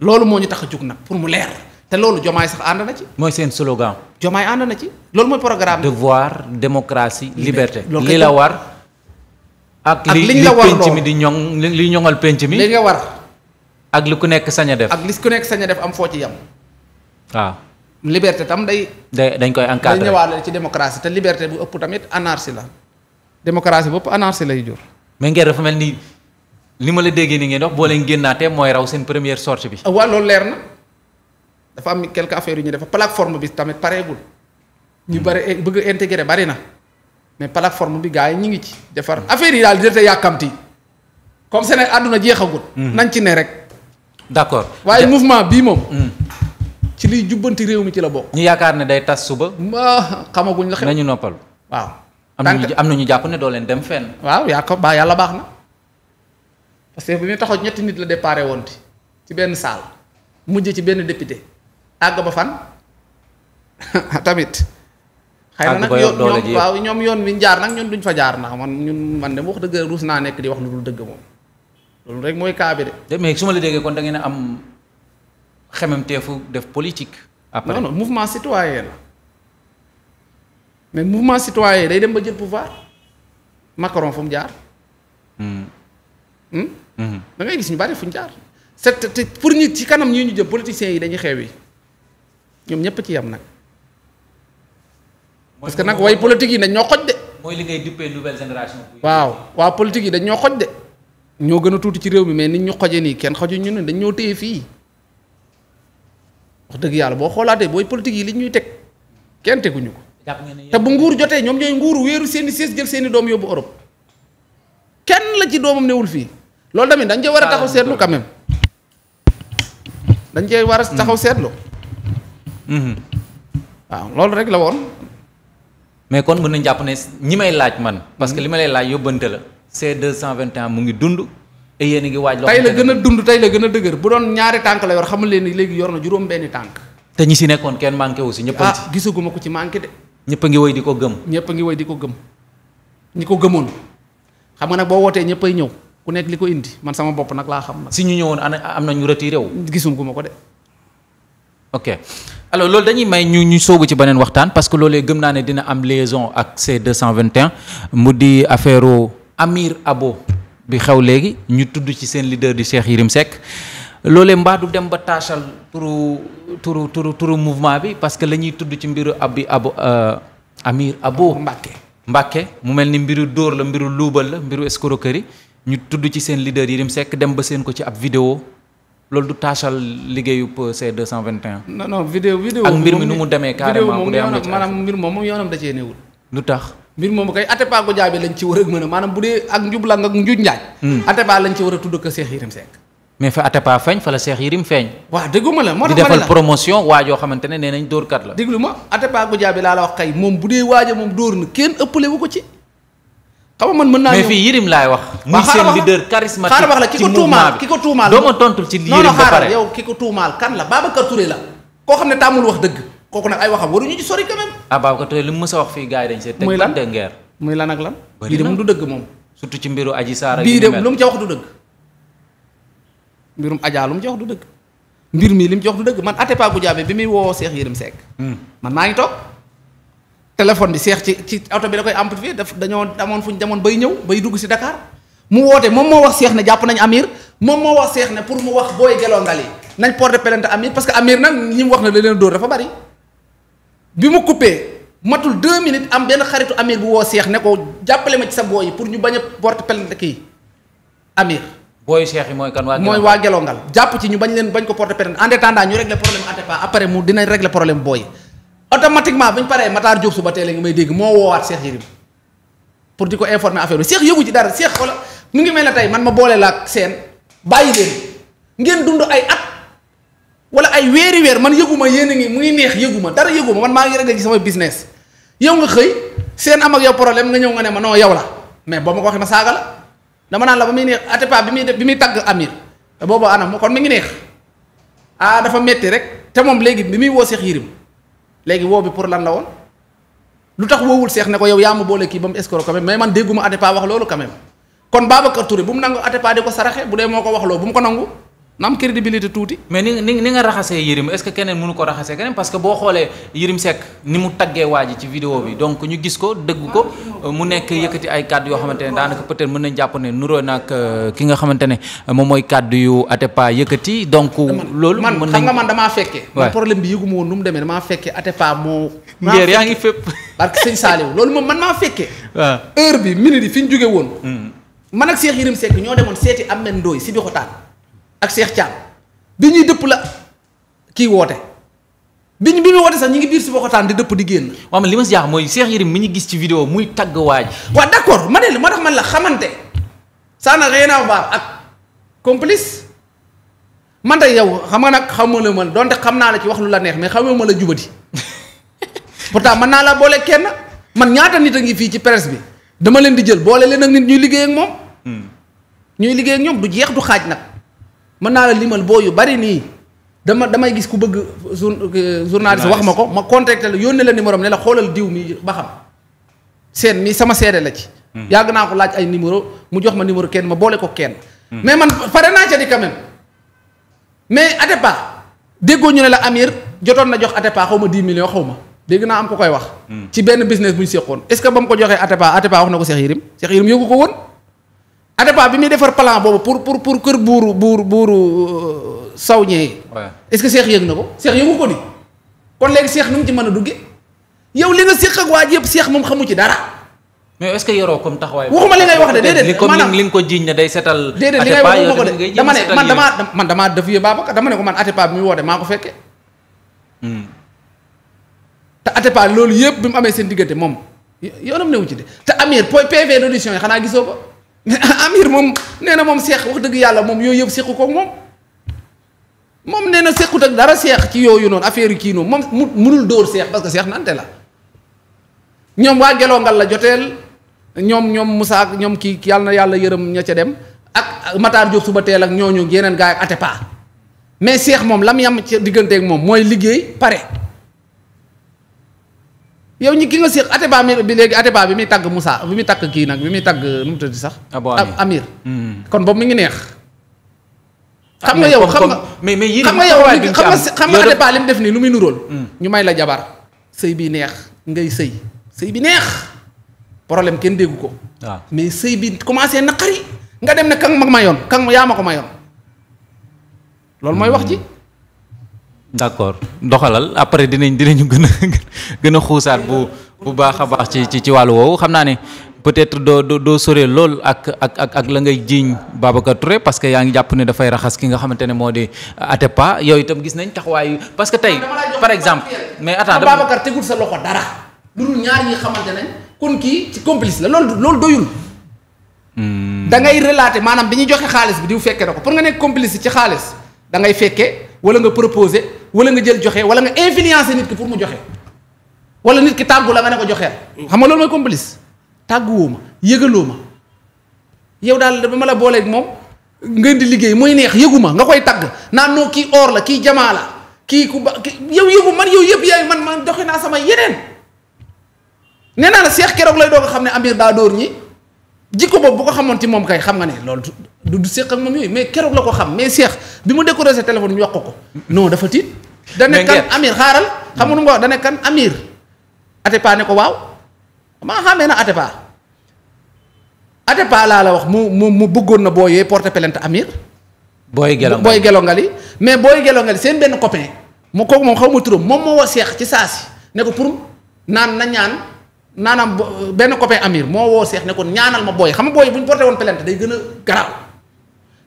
loolu moo ñu tax a jug nag pour mu leer te loolu jomaay sax ànd mooy seen slogan. jomaay ànd na ci loolu mooy programme. devoir démocratie liberté. la war. ak li la war penc mi di ñoŋ li ñoŋal penc mi. li nga war. ak li ku nekk sañ def. ak li ku nekk sañ a def am foo ci yam waaw. Ah. liberté tam day. day dañ koy encadré day ñëwaale ci démocratie te liberté bu ëpp tamit anarchie la. démocratie bopp anarchie lay jur. mais ngeen dafa mel nii li ma la déggee ni ngeen wax boo leen génnaatee mooy raw seen première sortie bi. waaw loolu leer na dafa am quelques affaires yu ñu def plateforme bi tamit pareegul. ñu hmm. bari bëgg a bari na. mais plateforme bi gars yi ñu ngi ci defar affaire yi daal di def yàkkamti comme seen àdduna jeexagut mm-hmm. nañ ci ne rek. d'accord waaye mouvement bii moom. Mm. ci liy jubbanti réew mi ci la bokk. ñu yaakaar ne day tas suba. xamaguñ la xew nañu noppal. waaw. am nañu am nañu jàpp ne doo leen dem fenn. waaw yaa ba yàlla baax na parce bi ñu taxaw ñetti nit la déparé woon ci benn saal mujj ci benn député àgg ba fan tamit. xëy na nag yoon waaw ñoom yoon wi ñu jaar nag ñun duñ fa jaar ndax man ñun man de wax dëgg ruus naa nekk di wax lu dul dëgg moom loolu rek mooy cas bi de. mais su ma déggee kon da ngeen a am xememteefu def politique. après non non mouvement citoyen mais mouvement citoyen day dem ba jël pouvoir Macron fu mu jaar. Hmm. Hmm? Hmm. da gis ñu bari fu ñu jaar. c'est pour ñu ci kanam ñii ñu jëm politiciens yi dañuy xew yi ñoom ñëpp ci yam nag. parce que nag way politique yi dañ ñoo xoj de. mooy li ngay duppee nouvelle génération. waaw waa politique yi dañ ñoo xoj de. ñoo gën a tuuti ci réew mi mais nit ñu xoje nii kenn xoju ñu ne dañ ñoo téye fii wax dëgg yàlla boo xoolaatee booy politique yi li ñuy teg kenn teguñu ko. te bu nguur jotee ñoom ñooy nguur wéeru seeni siis jël seeni doom yóbbu Europe kenn la ci doomam newul fii loolu tamit dañ cee war a taxaw seetlu quand même dañ cee war a taxaw seetlu. Hmm. waaw loolu rek la woon. mais kon mën nañ jàpp ne ñi may laaj man. parce que mm-hmm. li ma lay laaj yóbbante la. C221 mu ngi dund. te yéen a ngi waaj. tey la gën a dund tey la gën a dëgër bu doon ñaari tànk la yor xamal leen ni léegi yor na juróom-benni tànk. te ñi si nekkoon kenn manqué wu si ñëpp ah gisaguma ko ci manqué de. ñëpp a ngi woy di ko gëm. ñëpp a ngi woy di ko gëm. ñi ko gëmoon xam nga nag boo wootee ñëppay ñëw ku nekk li ko indi man sama bopp nag laa xam. si ñu ñëwoon am na ñu retiré wu. gisum guma ko de. alors loolu dañuy may ñu ñu sóobu ci beneen waxtaan parce que loolee gëm naa ne dina am liaison ak C221 mu di affaire Amir Abo bi xew léegi ñu tudd ci seen leader di Cheikh Yérim sekk loolee mbaa du dem ba taachal turu tour tour turu mouvement bi parce que la tudd ci mbiru abi Abo euh, Amir Abo Mbacké Mbacké mu mel ni mbiru dóor la mbiru luubal la mbiru escroquerie ñu tudd ci seen leader Yérim sekk dem ba seen ko ci ab vidéo loolu du taasal liggéeyub C221. non non vidéo vidéo mbir mi mu demee carrément bu dee am yoonam da cee lu tax. mbir moom kay Atépa Goudiaby lañ ci war a mën a maanaam bu dee ak njublang ak njuuj njaaj. Hmm. Atépa lañ ci war a tudd ko Cheikh Yérim Seck. mais fa Atépa feeñ fa la Cheikh Yérim feeñ. waaw dégguma la moo tax di defal promotion waa xamante ne nee nañ dóorkat la. déglu ma Atépa Goudiaby laa la wax kay moom bu dee waaja moom dóor na kenn ëppale ko ci. xam man mën naa mais fii Yérim laay wax. muy seen leader charismatique xaaral wax la ki ko tuumaal ki ko tuumaal doo ma tontu ci Yérim ba pare yow kan la Babacar Touré la. koo xam ne tàmmul wax dëgg kooku nag ay waxam waruñu ci sori quand même. ah Babacar Touré mu mës wax fii gars yi dañ see. lan teg ngeer muy lan ak lan. bëri de moom du dëgg moom. surtout ci mbiru aji Sarr ak bii de lu mu ca wax du dëgg. mbirum du dëgg. mbir mii li mu ca wax du dëgg man Atépa Goudiaby bi muy woo seex Yérim sekk hmm. man maa ngi toog téléphone bi seex ci ci oto bi da koy amplifier daf dañoo amoon ñu demoon bay ñëw bay dugg si Dakar mu woote moom moo wax seex ne jàpp nañ Amir moom moo wax seex ne pour mu wax booy gelongal nañ porter plainte Amir parce que Amir nag ñi mu wax ne da leen dóor dafa bari bi mu coupé matul deux minutes am benn xaritu Amir bu woo seex ne ko jàppale ma ci sa booy yi pour ñu bañ a porter plainte kii Amir. booy seex yi mooy waa. gelongal jàpp ci ñu bañ leen bañ ko porter plainte en attendant ñu régler problème Atepa après mu dinañ régler problème booy automatiquement bu ñu paree Matar Diop suba teel a ngi may dégg moo woowaat Cheikh Yérim pour di ko informer affaire bi Cheikh yëgu ci dara Cheikh wala mu ngi mel ne tey man ma boole la ak seen bàyyi leen ngeen dund ay at walla ay weeri weer man yëgu ma yéen a ngi mu ngi neex yëguma dara yëgu ma man maa ngi rek ci sama business yow nga xëy seen am ak yow problème nga ñëw nga ne ma noo yow la mais boo ma ko waxee ma saaga la dama naan la ba muy neex Atepa bi muy def bi muy tagg Amir te boobu anam kon mi ngi neex ah dafa metti rek te moom léegi bi muy woo Cheikh Yérim léegi woo bi pour lan la woon lu tax woowul seex ne ko yow yaa ma boole kii ba mu escroc quand même mais man dégguma Atepa wax loolu quand même kon Babacar Touré bu mu nangu Atepa di ko saraxe bu dee moo ko wax loolu bu mu ko nangu. na am crédibilité tuuti. mais ni nga raxasee Yérim est-ce que keneen mënu ko raxasee keneen parce que boo xoolee Yérim Seck ni mu taggee waa ji ci vidéo bi donc ñu gis ko dëgg ko mu nekk yëkkati ay kàddu yoo xamante ne daanaka peut-être mën nañ jàpp ne nuroo nag euh, ki nga xamante ne euh, moom mooy kàddu yu Atepa yëkkati donc. loolu mën nañ nga man damaa fekkee. man problème bi yëguma woon nu mu demee damaa fekkee Atepa moo. ngeer yaa ngi fépp. parce que sëñ Saliou loolu moom man maa fekkee. waaw heure bi minute fi ñu jóge woon. Mm. man ak Cheikh Yérim Seck ñoo demoon seeti Ahmed Ndoye si bi xotaan ak seex Thiam bi ñuy dëpp la kii woote bi bi mu woote sax ñu ngi biir si waxtaan di dëpp di génn. waaw man li ma si jaax mooy Cheikh Yérim mi ñu gis ci vidéo muy tagg waaj. waaw d' accord ne la ma tax man la xamante saa n'a rien à voir ak complice man tey yow xam nga nag xamuma la man donte xam naa la ci wax lu la neex mais xamuma la jubati pourtant mën naa la boole kenn man ñaata nit a ngi fii ci presse bi dama leen di jël boole leen ak nit ñuy liggéey moom. Hmm. ñuy liggéey ñoom du jeex du xaaj nag. mën naa la limal boo yu bari nii dama damay gis ku bëgg journaliste wax ma ko ma contacté la yónnee la numéro am ne xoolal diw mi ba xam seen mi sama seede la ci. Hmm. yàgg naa ko laaj ay numéro mu jox ma numéro kenn ma boole ko kenn. Hmm. mais man pare naa ca di quand même mais Atepa déggoo ñu ne la Amir jotoon na jox Atepa xaw ma 10 millions xaw ma dégg naa am ko koy wax. Hmm. ci benn business bu ñu seqoon est ce que ba mu ko joxee Atepa Atepa wax na ko Cheikh Yérim Cheikh Yérim yëgu ko woon. Atepa bi muy defar plan boobu pour pour pour kër buuru buuru buuru euh, saw ñee est-ce que seex yëg na ko seex yëgu ko ni kon léegi seex nu mu ci mën a dugge yow li nga seex ak waa ji yëpp seex moom xamu ci dara. mais est-ce que yoroo comme taxawaay. waxuma li ngay wax de déedéet maanaam li ko jiñ ne day setal. déedéet li ngay wax waxuma ko de dama ne man damaa man damaa def yooyu Babacar dama ne ko man Atepa bi muy woote maa ko fekke hmm. te Atepa loolu yëpp bi mu amee seen diggante moom yoonam newu ci de te Amir PV d'audition yi xanaa gisoo ko Amir moom nee na moom seex wax dëgg yàlla moom yooyu yëpp sequ ko moom moom nee na sequt ak dara seex ci yooyu noonu affaire kii noonu moom mu munul dóor seex parce seex nante la ñoom waa gelongal la joteel ñoom ñoom Moussa ak ñoom kii yàlla na yàlla yërëm ña ca dem ak Matar Diop suba teel ak ñooñu geneen gaay ak Atepa mais seex moom lam yam ca digganteeg moom mooy liggéey pare. yow ñi ki nga séq Atépa mi bi léegi baa bi muy tàgg musa bi muy tàgg kii nag bi muy tàgg nu mu tëddi sax. Amir hmm. kon boobu mi ngi neex. xam nga yow xam nga mais mais yéen xam nga yow xam nga xam nga Atépa li mu def nii lu muy nuróol. Hmm. ñu may la jabar sëy bi neex ngay sëy sëy bi neex problème kenn déggu ko. waaw ah. mais sëy bi commencé naqari nga dem ne kan mag ma yoon kan yaa ma ko mayoon loolu mooy wax ji. d' accord doxalal après dinañ dinañu gën a gën a xuusaat bu bu baax a baax ci ci ci wàllu woowu xam naa ne peut-être doo doo doo sore lool ak ak ak ak la ngay jiiñ Babacar Touré parce que yaa ngi jàpp ne dafay raxas ki nga xamante ne moo di Atepa yow itam gis nañ taxawaayu parce que tey par exemple. mais attends Babacar tegul sa loxo dara. lu dul ñaar ñi xamante ne kon kii ci complice la lool loolu doyul. Hmm. da ngay relater maanaam bi ñuy joxe xaalis bi diw fekke na ko pour nga nekk complice ci xaalis da ngay fekkee. wala nga proposer wala nga jël joxe wala nga influencer nit ki pour mu joxe wala nit ki tàggu la nga ne ko joxeel xam nga loolu mooy complice tàgguwoo ma yëgaloo ma yow daal ba ma la booleek moom nga di liggéey muy neex yëgu ma nga koy tagg naan noo kii or la kii jamaa la kii ku ba yow yëgu man yow yëpp yaay man man joxe naa sama yeneen nee naa la seex keroog lay doo a xam ne Amir daa dóor ñi. jikko boobu bu ko xamoon ci moom kay xam nga ne loolu du du seq ak moom yooyu mais keroog la ko xam mais seex bi mu décoré sa téléphone yokk ko non dafa tiit. da ne kan Amir xaaral. xam nga nu ma wax da kan Amir. Atepa ne ko waaw maa xamee na Atepa laa la wax mu mu mu bëggoon na booyee porte plainte Amir. booy gelo booy gelo ngali mais booy gelo ngali seen benn copain mu kooku moom xaw ma turam moom moo woo seex ci saa si ne ko pour naan na ñaan. naanaam benn copain Amir moo woo Cheikh ne kon ñaanal ma booy xam nga booy bu ñu porté woon plainte day gën a garaaw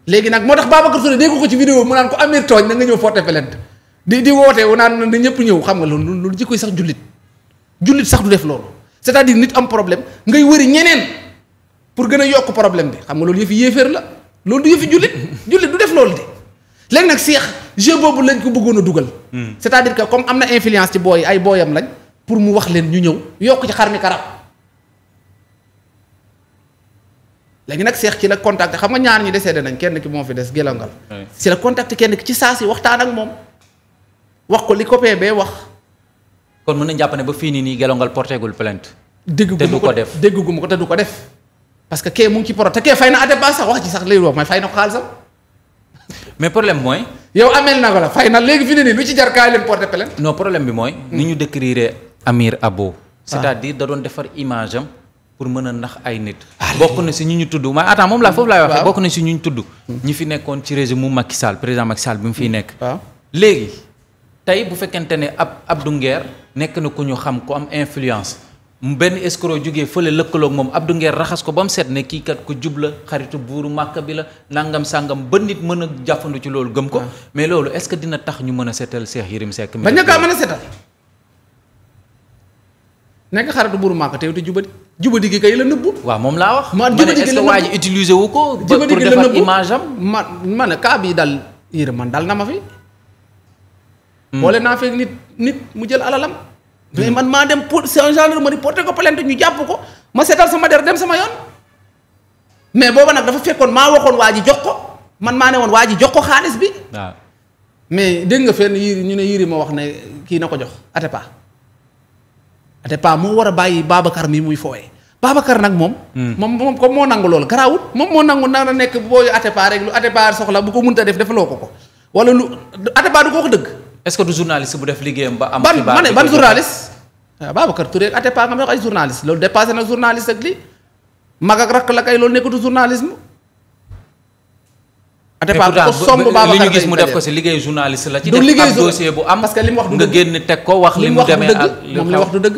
léegi nag moo tax baaba Babacar Touré dégg ko ci vidéo mu naan ko Amir tooñ na nga ñëw porté plainte di di woote wu naan na ñëpp ñëw xam nga loolu loolu jikkoy sax jullit jullit sax du def loolu c'est-à-dire nit am problème ngay wëri ñeneen pour gën a yokk problème bi xam nga loolu yëfi yéeféer la loolu du yëfi jullit jullit du def loolu de léegi nag Cheikh jeu boobu lañ ko bëggoon a dugal hmm. c'est-à-dire que comme am na influence ci booy ay booyam lañ pour mu wax leen ñu ñëw yokk ci xar mi karab léegi nag seex ci la contacté xam nga ñaar ñi décédé nañ kenn ki moom fi des gelangal si la contacté kenn ki ci saa si waxtaan ak moom wax ko li copain bee wax. kon mën nañ jàpp ne ba fii nii nii gelongal porté gul plainte. dégg gu mu ko def dégg ko te du ko def. parce que kee mu ngi ci porté te kee fay na Atépa sax wax ci sax lay wax may fay na ko xaalisam. mais problème mooy. yow ameel na ko la fay na léegi fi ne nii lu jar kaay leen porté plainte. problème bi mooy. ni ñu décrire. Amir Abo. cest à da doon defar image am pour mën a nax ay nit. Ah, bokk na si ñu ñu tudd ma attends moom laa foofu laay waxee. bokk na si ñu ñu tudd. ñi fi nekkoon ci régime mu Macky saal président Macky Sall bi mu fiy nekk. léegi tey bu fekkente ne ab Abdou Nguer nekk na ku ñu xam ku am influence. benn escroc jógee fële lëkkaloog moom Abdou Nguer raxas ko ba mu set ne kii kat ku jub la xaritu buuru màkk bi la nangam sàngam ba nit mën a jàppandu ci loolu gëm ko. Ah. mais loolu est-ce que dina tax ñu mën a seetal Cheikh Yérim Seck. bañ na kaa mën a seetal. nekk xaritu buuru màkk teew te jubadi jubadi gi kay la nëbbu. waaw moom laa wax. ma jubadi gi la nëbbu ma ne est-ce am. ma ma ne cas bii dal yére man dal na ma fi. Hmm. boole naa fekk nit nit mu jël alalam. mais hmm. man maa dem pour ma un gendarmerie te ko plainte ñu jàpp ko ma seetal sama der dem sama yoon. mais booba nag dafa fekkoon maa waxoon waa ji jox ko man maa ne woon waa ji jox ko xaalis bi. mais dégg nga fenn yii ñu ne yiri ma wax ne kii na ko jox Atepa. Atepa moo war a bàyyi Babacar mi muy fooye Babacar nag moom. Hmm. moom moom comme moo nangu loolu garaawut moom moo nangu na na nekk booy Atepa rek lu Atepa soxla bu ko mënta def defaloo ko ko wala lu Atepa du ko ko dëgg. est-ce que du journaliste bu def liggéeyam ba. am xibaar ban ma ne ban journaliste. waaw ah, Babacar nga may wax ay journaliste loolu dépassé na journaliste ak lii mag ak rakk la kay loolu nekkatu journalisme. Atépa dafa somb Babacar li ñu gis mu def ko si liggéey journaliste la. ci def ab dossier bu am parce que li mu wax du dëgg nga li wax du dëgg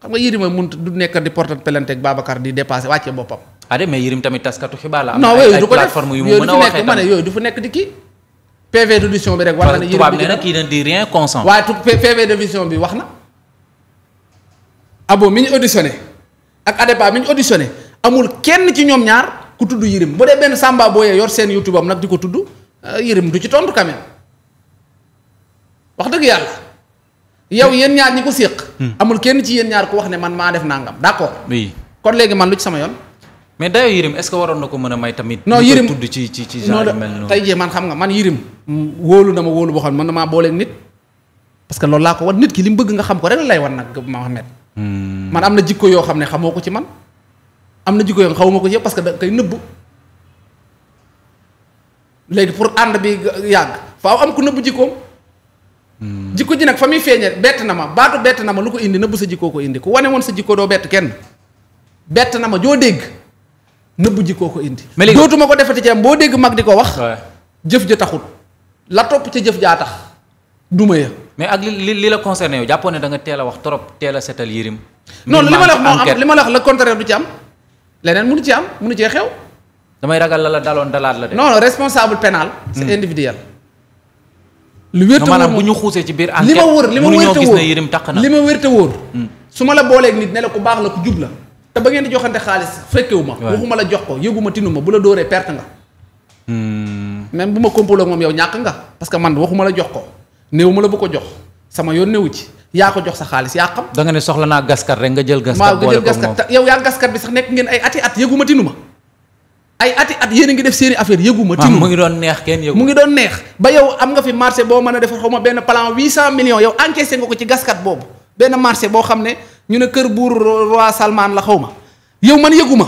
xam nga Yérim mun du nekk di porter plainte ak di dépassé wàcce boppam. ah mais Yérim tamit taskatu xibaar la. am na ay plateforme a yooyu du fa nekk di kii. PV de vision bi rek. war na ne tubaab nee di rien consent. waaye tout PV de bi wax na. abo mi ñu ak Atépa mi ñu auditionné amul kenn ci ñoo ñaar ku tudd Yérim bu dee benn Samba Boye yor seen YouTube am nag di ko tudd ah, Yérim du ci tontu quand wax dëgg yàlla. yow yéen ñaar ñi ko séq. Hmm. amul kenn ci yéen ñaar ku wax ne man maa def nangam d'accord. oui kon léegi man lu ci sama yoon. mais dayoo Yérim est-ce que waroon na ko mën a may tamit. non Yérim tudd ci ci ci genre mel xam nga man Yérim. Mm, wóolu na ma wóolu boo xam ne maa booleeg nit. parce que loolu laa ko wan nit ki li mu bëgg nga xam ko rek lay wan nag Mohamed. Hmm. man am na jikko yoo xam ne xamoo ko ci man am na jikko yoon xaw xawuma ko ci parce que da koy nëbbu léegi pour ànd bi yàgg faaw am ku nëbbu jikkoom. Hmm. jikko ji nag fa muy feeñee bett na ma baatu bett na ma lu ko indi nëbbu sa jikkoo ko indi ku wane woon sa jikko doo bett kenn bett na ma joo dégg nëbbu jikkoo ko indi. mais léegi dootuma ko defati ci am boo dégg mag di ko wax. jëf ja taxul la topp ca jëf jaa tax duma ya mais ak li li la concerné yow jàppoon ne da nga teel wax trop teel a setal yërim. noonu li ma li ma la wax le contraire ci am. leneen mënu ci am mënu cee xew. damay ragal la la daloon dalaat la de. non responsable pénal c'est hmm. individuel. lu wér te wóor bu ñu xuusee ci biir enquête li ma wër li ma wér te wóor li ma wér te wóor. su ma la booleeg nit ne la ku baax la ku jub la. te ba ngeen di joxante xaalis fekkewu ma. waxuma la jox ko yëguma tinuma bu la dóoree perte nga. Hmm. même bu ma kompaloo moom yow ñàkk nga parce que man waxuma la jox ko néew ma la bu ko jox sama yoon néewu ci yaa ko jox sa xaalis yaa xam. da nga ne soxla naa gaskat rek nga jël gaskat. boole ko moom yow yaa bi sax nekk ngeen ay ati at yëguma tinu ma ay ati at yéen a ngi def seen i affaire yëguma ah, tinu mu ngi doon neex kenn yëgu mu ngi doon neex ba yow am nga fi marché boo mën a defar xaw ma benn plan 800 millions yow encaissé boo xam ne ñu ne kër buur la xaw ma yow man yëgu ma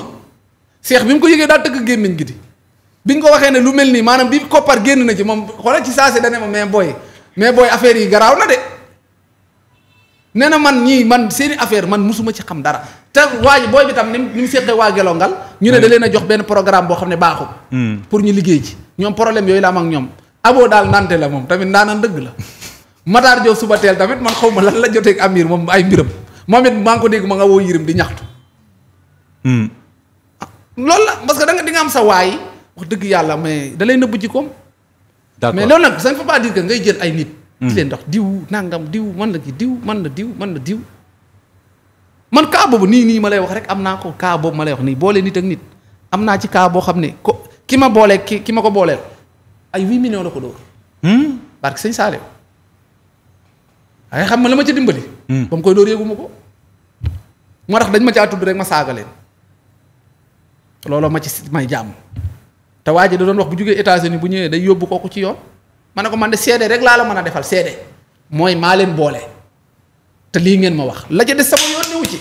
seex bi mu ko yëgee daal tëgg gémmiñ gi di bi ñu ko waxee ne lu mel nii maanaam bi koppar génn na ci moom xoolal ci saa si da ne ma mais booy mais booy yi garaaw na de nee na man ñii man seeni affaire man musuma ci xam dara te waa booy bi tam ni mu ni mu seqee waa gelongal ñu ne da leen a jox benn programme boo xam ne baaxul. Hmm. pour ñu liggéey ci ñoom problème yooyu la am ñoom. aboo daal nante la moom tamit naa ndaanaan dëgg la Matar Diop suba teel tamit man xaw ma lan la jotee am Amir moom ay mbiram moom it maa ngi ko dégg ma nga woo Yirim di ñaxtu. Hmm. loolu la parce que da nga di nga am sa waay wax dëgg yàlla mais da lay nëbbu jikkoom. mais loolu nag ça ne faut pas dire que ngay jël ay nit. di leen dox diw nangam diw man la ki diw man la diw man la diw man cas boobu nii nii ma lay wax rek am naa ko kaa boobu ma lay wax nii boole nit ak nit am naa ci kaa boo xam ne ko ki ma boolee ki ki ma ko booleel ay huit millions la ko dóor hmm? barke sëñ Saalew waaye xam nga la ma ca dimbali hmm. ba mu koy dóor yéeguma ko moo tax dañ ma caa rek ma saaga leen looloo ma ci may jàmm te waa ji da doon wax bu jógee États-Unis bu ñëwee day yóbbu kooku ci yoon ma ne ko man de seede rek laa la mën a defal seede mooy maa leen boole te lii ngeen ma wax la ca de sama yoon wu ci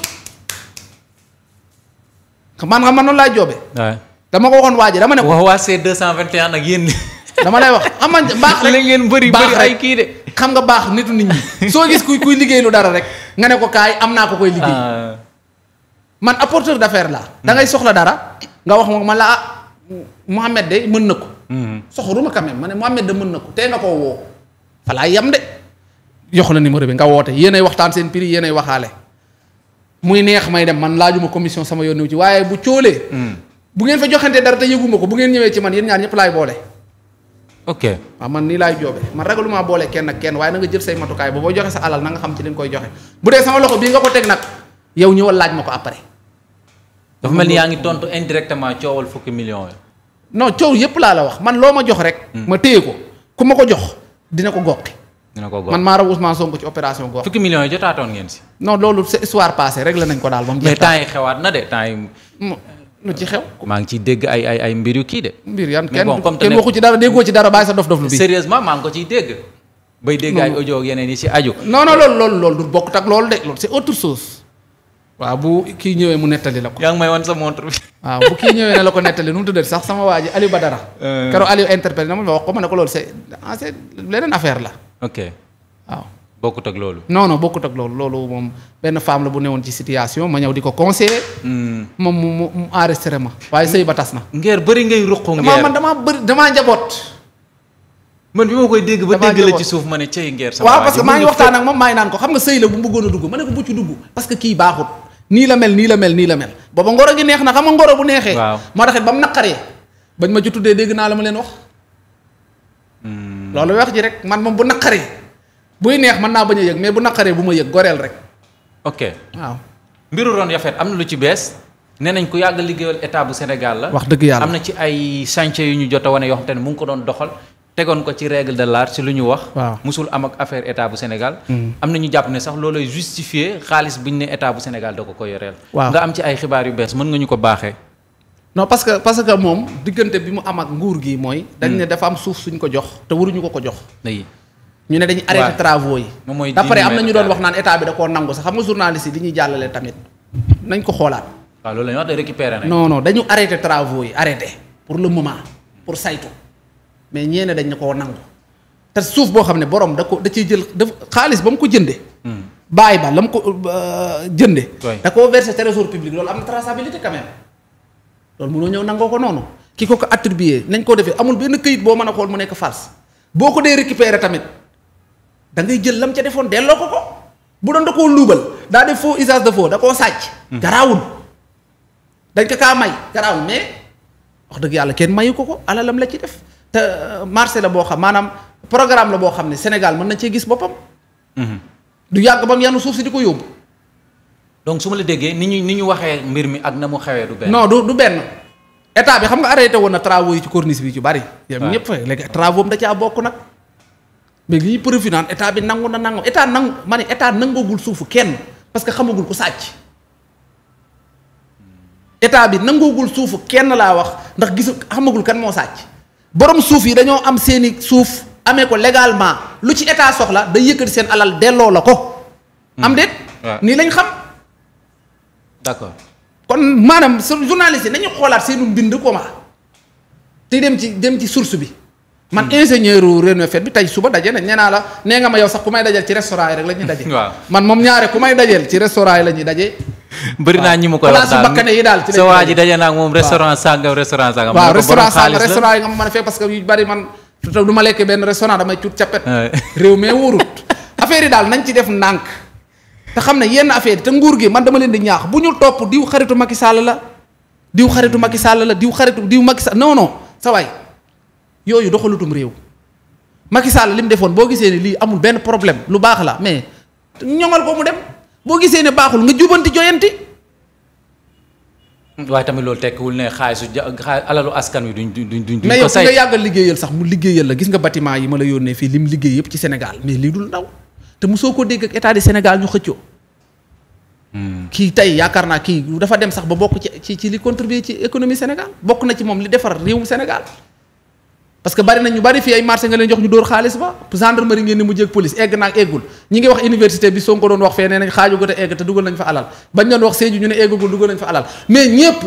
man xam man noonu laay joobe dama ko waxoon waa ji dama ne ko. waaw waa c'est 221 ak yéen. dama lay wax xam nga baax rek la ngeen bëri bëri ay kii de. nga baax nitu nit ñi soo gis kuy kuy liggéey dara rek nga ne ko kaay am naa ko koy liggéey. Ah. man apporteur d'affaires laa. dangay soxla dara nga wax ma man la ah Mouhamed de mën na ko. Mm-hmm. soxoruma quand même ma ne Mohamed da mën na ko tee nga koo woo falaa yam de jox la numéro bi nga woote yéenay waxtaan seen prix yéenay waxaale muy neex may dem man laajuma commission sama yoon ñëw ci waaye bu cóolee mm. bu ngeen fa joxante dara te yëguma ko bu ngeen ñëwee ci man yéen ñaar ñëpp laay boole ok waaw man nii laay joobe man ragalumaa boole kenn kenn waaye na nga jël say matukaay ba joxe sa alal na nga xam ci li nga koy joxe bu dee sama loxo bii nga ko teg nag yow ñëwal laaj ma ko après dafa mel ni yaa ngi tontu indirectement coowal fukki million yi non coow yëpp laa la wax man loo ma jox rek. Hmm. ma téye ko ku ma ko jox dina ko goqi. dina ko goqi man maa raw Ousmane Sonko ci opération gox. fukki millions yi jotaatoon ngeen si. non loolu c'est histoire passée réglé nañ ko daal ba mu. mais temps na de temps yi. maa ngi ciy dégg ay ay ay mbir yu kii de. mbir yan kenn kenn waxu ci dara déggoo ci dara bàyyi sa dof dof lu bi sérieusement maa ngi ko ciy dégg. bay dégg ay audio ak yeneen yi ci aju. non non loolu loolu loolu du bokkut ak loolu de loolu c'est autre waaw bu kii ñëwee mu nettali la ko. yaa ngi may wan sa montre waaw bu kii ñëwee ne la ko nettali nu mu tuddati sax sama waa ji Aliou Badara. Euh. keroog Aliou interpellé na ma wax ko ma ne ko loolu ah, affaire la. ok waaw. bokkut loolu. non non bokkut ak loolu moom benn femme la bu newoon ci situation ma ñëw di ko conseiller. Hmm. moom mu mu mu enregistré ma. waaye sëy ba tas na. ngeer bëri ngay ruqoo ngeer damaa man damaa bëri damaa njaboot. man bi ma koy dégg ba dégg la ci suuf ma ne cey ngeer. sama waa ngi waxtaan ak moom maa ngi naan ko xam bu mu bëggoon a dugg ma ne ko bu dugg parce que kii baaxut. nii la mel nii la mel nii la mel booba ngoro gi neex na xam nga ngoro bu neexee. waaw moo taxit ba mu naqaree bañ ma ci tuddee dégg naa la ma leen wax. Hmm. loolu wax ji rek man ma bu naqaree buy neex mën naa bañ a yëg mais bu naqaree bu ma yëg goreel rek. ok waaw. mbiru Ron Yafet am na lu ci bees. nee nañ ku yàgg liggéeyal état bu Sénégal la. wax dëgg yàlla am na ci ay sance yu ñu jot a wane yoo xam te ne mu ngi ko doon doxal. tegoon ko ci règle de l'art ci lu ñu wax. waaw musul am ak affaire état bu Sénégal. Hmm. am na ñu jàpp ne sax looloy justifier xaalis bu ñu ne état bu Sénégal da ko ko yoreel. waaw am ci ay xibaar yu bees mën nga ñu ko baaxee. non parce parce que moom diggante bi mu am ak nguur gi mooy. dañ ne hmm. dafa am suuf suñ ko jox. te waruñu ko ko jox. ñu ne dañu arrêté travaux yi. moom mooy d'après am na ñu doon wax naan état bi koo nangu sax xam nga journaliste yi li tamit nañ ko xoolaat. waaw loolu la ñu wax de récupérer dañu arrêté travaux yi arrêté pour le moment pour saytu mais ñeene dañ na koo nangu te suuf boo xam ne borom da ko da ciy jël daf xaalis ba mu ko jënde hmm. bàyyi ba la mu ko euh, jënde da koo versé trésor public loolu am na traçabilité quand même loolu mënoo ñëw nangoo ko noonu ki ko ko attribué nañ ko defee amul benn këyit boo mën a xool mu nekk farce boo ko dee récupérer tamit da ngay jël mu ca defoon delloo ko ko bu doon da koo luubal daa def foo usage de foo da koo sàcc. Hmm. garaawul dañ ko kaa may garaawul wax dëgg yàlla kenn mayu ko ko alalam la ci def. te euh, marché la boo xam maanaam programme la boo xam ne Sénégal mën na cee gis boppam. Mhm. du yàgg ba mu yanu suuf si di ko yóbbu. donc su ma la déggee ni ñu ni ñu waxee mbir mi ak na mu xewee du benn. non du benn état bi xam nga arrêté woon na travaux yi ci corniche bi ci bari. waaw ñëpp fa léegi travaux am da caa bokk nag. mais lii profil naan état bi nangu na nangu état nangu ma ne état nangoogul suufu kenn parce que xamagul ku sàcc. état bi nangoogul suufu kenn laa wax ndax gisul xamagul kan moo sàcc. borom suuf yi dañoo am seeni suuf amee ko légalement lu ci état soxla day yëkkati seen alal delloo la ko. Hmm. am déet. nii lañ xam. d'accord kon maanaam journaliste yi nañu xoolaat seenu mbind ma te dem ci dem ci source bi. man hmm. ingénieur u Renouvelle Fête bi tey suba daje nañ nee naa la nee nga ma yow sax ku may dajeel ci restaurant yi rek la ñuy daje. waaw man moom ñaare ku may dajeel ci restaurant yi la daje. bëri naa ñi mu koy wax daal daal ci sa waa ji daje naa moom restaurant sàngam restaurant sàngam. waaw restaurant sàngam restaurant yi nga mën a fekk parce que yu bari affaire yi daal nañ ci def ndànk te xam ne yenn affaire te nguur gi man dama leen di ñaax bu ñu topp diw xaritu Macky Sall la diw xaritu Macky Sall la diw xaritu diw Macky Sall non non sa waay yooyu doxalutum réew Macky Sall li mu defoon boo gisee ne lii amul benn problème lu baax la mais ñoŋal ko mu dem boo gisee ne baaxul nga jubanti joyanti. waaye tamit loolu tekkiwul ne xaalisu ja alalu askan wi duñ duñ duñ. mais yow nga yàggal liggéeyal sax mu liggéeyal la gis nga bâtiment yi ma la yónnee fii lim liggéey mais lii dul ndaw te soo ko dégg ak état du Sénégal ñu xëcco hmm. kii tey yaakaar naa kii dafa dem sax ba bokk ci ci li contribuer ci économie Sénégal bokk na ci moom li defar réewum Sénégal. parce que bari na ñu bari fii ay marché nga leen jox ñu dóor xaalis ba gendarmerie ngeen ni mu jéeg police egg naag eggul ñi ngi wax université bi Sonko doon wax fee nee nañ xaaju got a egg te dugal nañ fa alal bañ doon wax Sédhiou ñu ne eggagul dugal nañ fa alal mais ñépp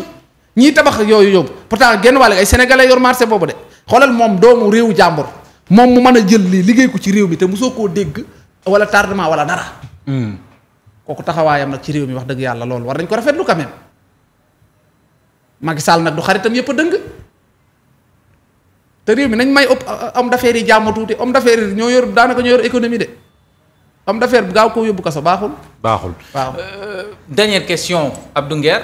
ñiy tabax yooyu yóbbu pourtant genn wàll ay sénégalais yor marché boobu de xoolal moom doomu réewu jàmbur moom mu mën a jël lii liggéey ko ci réew mi te mosoo koo dégg wala tardement wala dara hmm. kooku taxawaayam nag ci réew mi wax dëgg yàlla loolu war nañ ko rafetlu quand même Macky Sall nag du xaritam yépp a dëng te réew mi nañ may ëpp am euh, d'affaires yi jàmm tuuti homme d'affaires yi ñoo yor daanaka ñoo yor économie de homme d'affaires gaaw koo yóbbu kaso baaxul. baaxul waaw. Euh, dernière question Abdou Nguer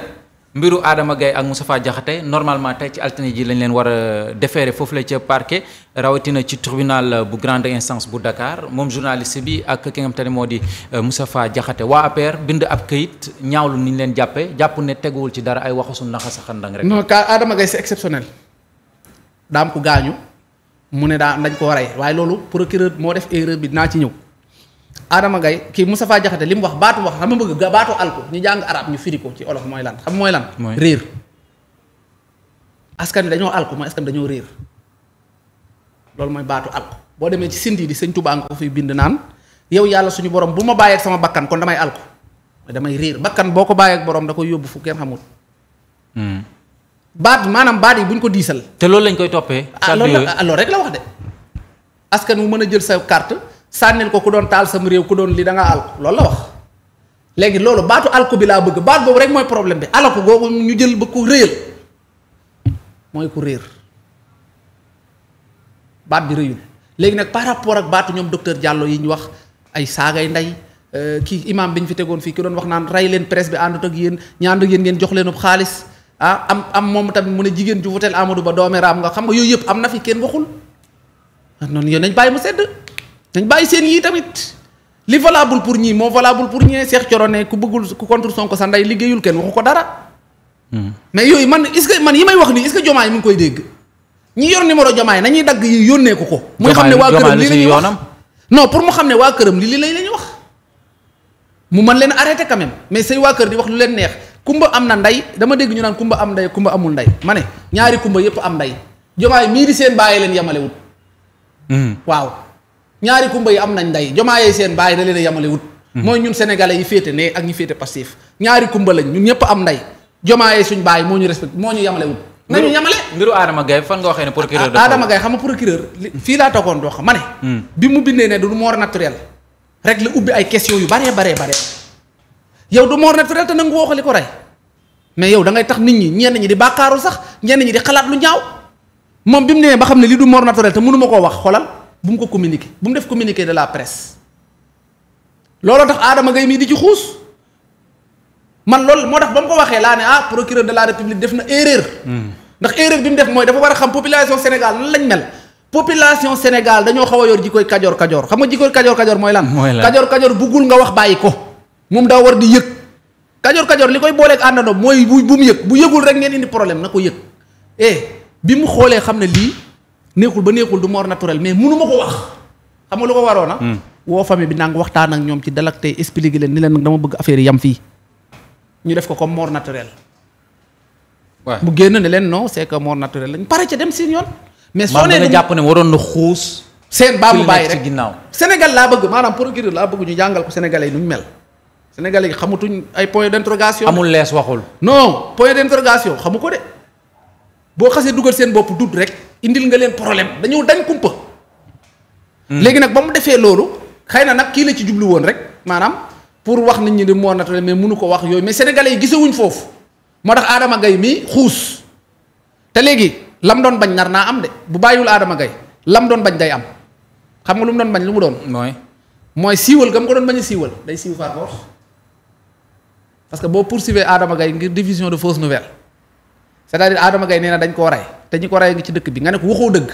mbiru aadama gay ak Moustapha Diakhaté normalement tey ci altine ji lañ leen war a déférer foofu la ca parquet rawatina ci tribunal bu grande instance bu Dakar moom journaliste bi ak ki nga ne moo di euh, Moustapha jaxate waa APR bind ab kayit ñaawlu ni leen jàppee jàpp ne teguwul ci dara ay waxu suñu naxa saxandang rek. non Adama Gaye c'est exceptionnel. daam ko gaañu mu ne daa dañ koo rey waaye loolu pour procureur moo def erreur bi naa ci ñëw Adama Gaye kii Moustapha Diakhaté li mu wax baatu wax xam nga bëgg baatu alko ñu jàng arab ñu firi ko ci olof mooy lan xam mooy lan. réer askan wi dañoo alko mooy askan wi dañoo réer loolu mooy baatu alko boo demee ci sindi di sëñ Tuubaa nga ko fi bind naan yow yàlla suñu borom bu ma bàyyeeg sama bakkan kon damay alko damay réer bakkan boo ko bàyyeeg borom da koy yóbbu fu kenn xamul. Hmm. baat maanaam baat yi bu ñu ko diisal. te lool lañ koy toppee. Ah, ah, loolu rek la wax de. askan mu mën a jël sa kart sànnil ko ku doon taal sama réew ku doon li da ngaa àll loolu la wax léegi loolu baatu alko bi laa bëgg baat boobu rek mooy problème bi alako googu ñu jël ba ku réyal mooy ku réer bi réyul léegi nag par rapport ak baatu ñoom docteur Diallo yi ñu wax ay saagay ndey euh, kii imam bi ñu fi tegoon fii ki doon wax naan rey leen presse bi àndut ak yéen ñaandu ak yéen ngeen jox leen xaalis. ah am am moom tamit mu ne jigéen ju wuteel Amadou Ba doomee raam nga xam nga yooyu yëpp am na fi kenn waxul ah, noonu yow nañ bàyyi mu sedd nañ bàyyi seen yii tamit li valable pour ñii moo valable pour ñee Cheikh Thioro ne ku bëggul ku contre Sonko sa ndey liggéeyul kenn waxu ko dara. Hmm. mais yooyu man est-ce man yi may wax nii est-ce que jomaay mu ngi koy dégg ñi yor numéro jomaay nañuy dagg yi yónnee ko ko. muy xam ne waa këram li la ñuy wax non pour mu xam ne waa këram li li lay la ñuy wax mu mën leen arrêté quand mais say waa kër di wax lu leen neex kumba am na ndey dama dégg ñu naan kumba am ndey kumba amul ndey ma ne ñaari kumba yépp am ndey jomaay mii seen bàyyi leen yamale wut hmm. waaw ñaari kumba yi am nañ ndey jomaayee seen bàyyi da leen a yamale wut hmm. mooy ñun sénégalais yi féete ne ak ñu féete passif ñaari kumba lañ ñun ñëpp am ndey jomaayee suñ bàyyi moo ñu respect moo ñu yamale wut nañu yamale mbiru Adama Gaye fan nga waxee ne procureur Adama Gaye xam nga procureur fii laa toogoon dox xam ma ne hmm. bi mu bindee ne du mort naturel rek la ubbi ay question yu baree baree baree yow du mort naturel te nangu woo li ko rey mais yow dangay tax nit ñi ñenn ñi di bàkkaaru sax ñenn ñi di xalaat lu ñaaw moom bi mu nee ba xam ne li du mort naturel te mënuma koo wax xolal bu mu ko communiquer bu mu def communiqué de la presse looloo tax aadama Gaye mii di ci xuus man loolu moo tax ba mu ko waxee laa ne ah procureur de la république def na erreur. Hmm. ndax erreur bi mu def mooy dafa war a xam population Sénégal nan lañ mel. population Sénégal dañoo xaw a yor jikkoy kajoor kajoor xam nga jikkoy kajoor kajoor mooy lan. mooy lan kajoor kajoor nga wax bàyyi ko. moom daa war di yëg kajoor kajoor li koy booleeg àndandoo mooy bu bu mu yëg bu yëgul rek ngeen indi problème na ko yëg eh bi mu xoolee xam ne lii neexul ba neexul du mort naturel mais munu ko wax xam nga lu ko waroon a. Hmm. woo famille bi nang waxtaan ak ñoom ci dalak tey leen ni leen dama bëgg affaire yam fii ñu def ko comme mort naturel. waaw mu génn leen non c'est que mort naturel lañ pare ca dem si yoon. mais soo nee jàpp ne waroon na xuus. seen baamu bàyyi rek Sénégal laa bëgg maanaam procureur laa bëgg ñu jàngal ko sénégalais yi nu mel. sénégalais yi xamatuñ ay point d'interrogation. amul lees waxul. non point d'interrogation xamu ko de boo xasee dugal seen bopp dut rek indil nga leen problème dañu dañ kumpa. Hmm. léegi nag ba mu defee loolu xëy na nag kii la ci jublu woon rek maanaam pour wax nit ñi di moo naturel mais mënu ko wax yooyu mais sénégale yi gisewuñ foofu moo tax Adama gay mi xuus te léegi lam doon bañ nar naa am de bu bàyyiwul gay la mu doon bañ day am xam nga lu mu bañ lu mu doon. mooy mooy siiwal gam ko doon bañ a day siiw par parce que boo poursuivre Adama Gaye ngir diffusion de fausse nouvelle c'est-à-dire Adama Gaye nee na dañ koo rey te ñi ko rey ngi ci dëkk bi nga ne ko waxoo dëgg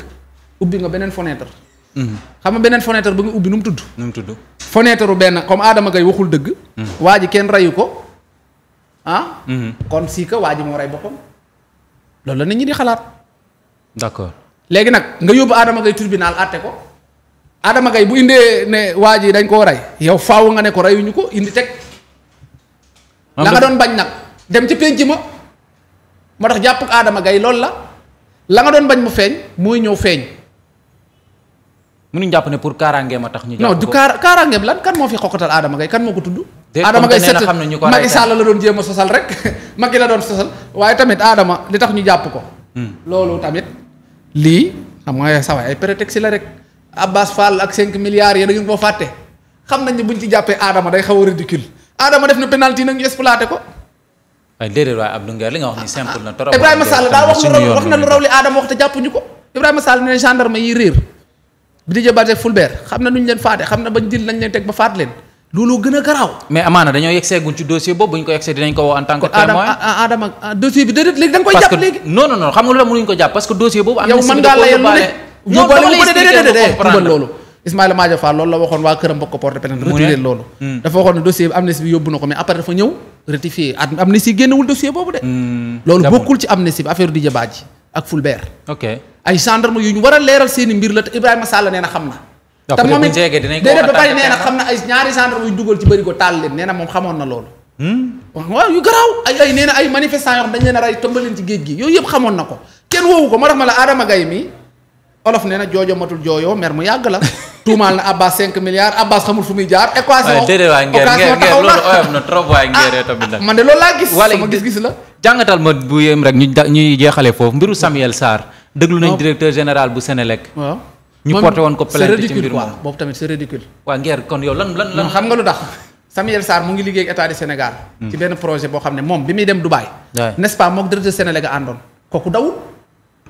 ubbi nga beneen fenêtre. Mhm. xam ma beneen fenêtre ba nga ubbi nu mu tudd. nu mu tudd fenêtre u benn comme Adama Gaye waxul dëgg. Mhm. waa ji kenn reyu ko ah. Mhm. kon sii ka waa ji moo rey boppam loolu la nit ñi di xalaat. léegi nag nga yóbbu Adama gay tribunal àtte ko. Adama Gaye bu indee ne waa ji dañ koo rey yow faaw nga ne ko reyuñu ko indi teg. la nga doon bañ nag dem ci penc ma moo tax jàpp adama gay loolu la la nga doon bañ mu feeñ mooy ñëw feeñ. mënuñ jàpp ne pour kaaraangeem ma tax ñu. jàpp non du kaara kaaraangeem lan kan moo fi aadama gay kan moo ko tudd. aadama gay set Macky Sall la doon jéem a sosal rek Macky la doon sosal waaye tamit aadama li tax ñu jàpp ko. Hmm. loolu tamit lii xam nga sa waay ay prétexte la rek. Abbas Fall ak 5 milliards yéen a ngi ko fàtte xam nañ ne buñ ci jàppee aadama day xaw a ridicule Adama def na penalty nag ñu exploité ko. waaye déedéet waaye Abdou li nga wax ni simple na trop. Ibrahima Sall daa wax lu raw li Adama wax te jàppuñu ko Ibrahima Sall ne gendarme yi réer bi di jëbaatee Fulbert xam na nu ñu leen faate xam na bañ jël nañ leen teg ba faat leen loolu gën a garaaw. mais amaana dañoo yegseeguñ ci dossier boobu bu ñu ko yegsee dinañ ko woo en que Adama ah, ah, ah, dossier bi déedéet koy jàpp léegi non non xam nga lu tax Ismaïla Madior Fall loolu la waxoon waa këram ba ko porte pénal retiré loolu hmm. dafa waxoon ne dossier bi amnistie bi yóbbu na ko mais après dafa ñëw rectifié at amnistie génnewul dossier boobu de hmm. loolu bokkul ci amnistie bi affaire Didier Badji ak Fulbert ay gendarme yu ñu war a leeral seeni mbir la te Ibrahima Sall nee na xam na te moom it déedéet ba bari nee xam na ay ñaari gendarme yu dugal ci bëri ko taal leen nee na moom xamoon na loolu hmm. waaw yu garaaw ay ay nee na ay manifestants yoo xam dañ leen a rey ci géej gi yooyu yëpp xamoon na ko kenn woowu ko moo tax ma la Adama Gaye mi na joojo matul jooyoo mer mu yàgg la tuumaal na Abbas 5 milliards Abbas xamul fu muy jaar. équation ah, déedéet waay ngeen ngeen ngeen loolu oyof na trop waay ah, ngeen tamit nag. de loolu laa gis sama gis-gis la. bu yem rek woon ko plainte ci mbir moom boobu tamit c'est ridicule. waa ngeer lu tax Samuel Sarr mu ngi liggéey ak état du Sénégal. Hmm. ci boo xam ne moom bi muy dem du n'est-ce pas mook directeur Sénélec a àndoon kooku dawul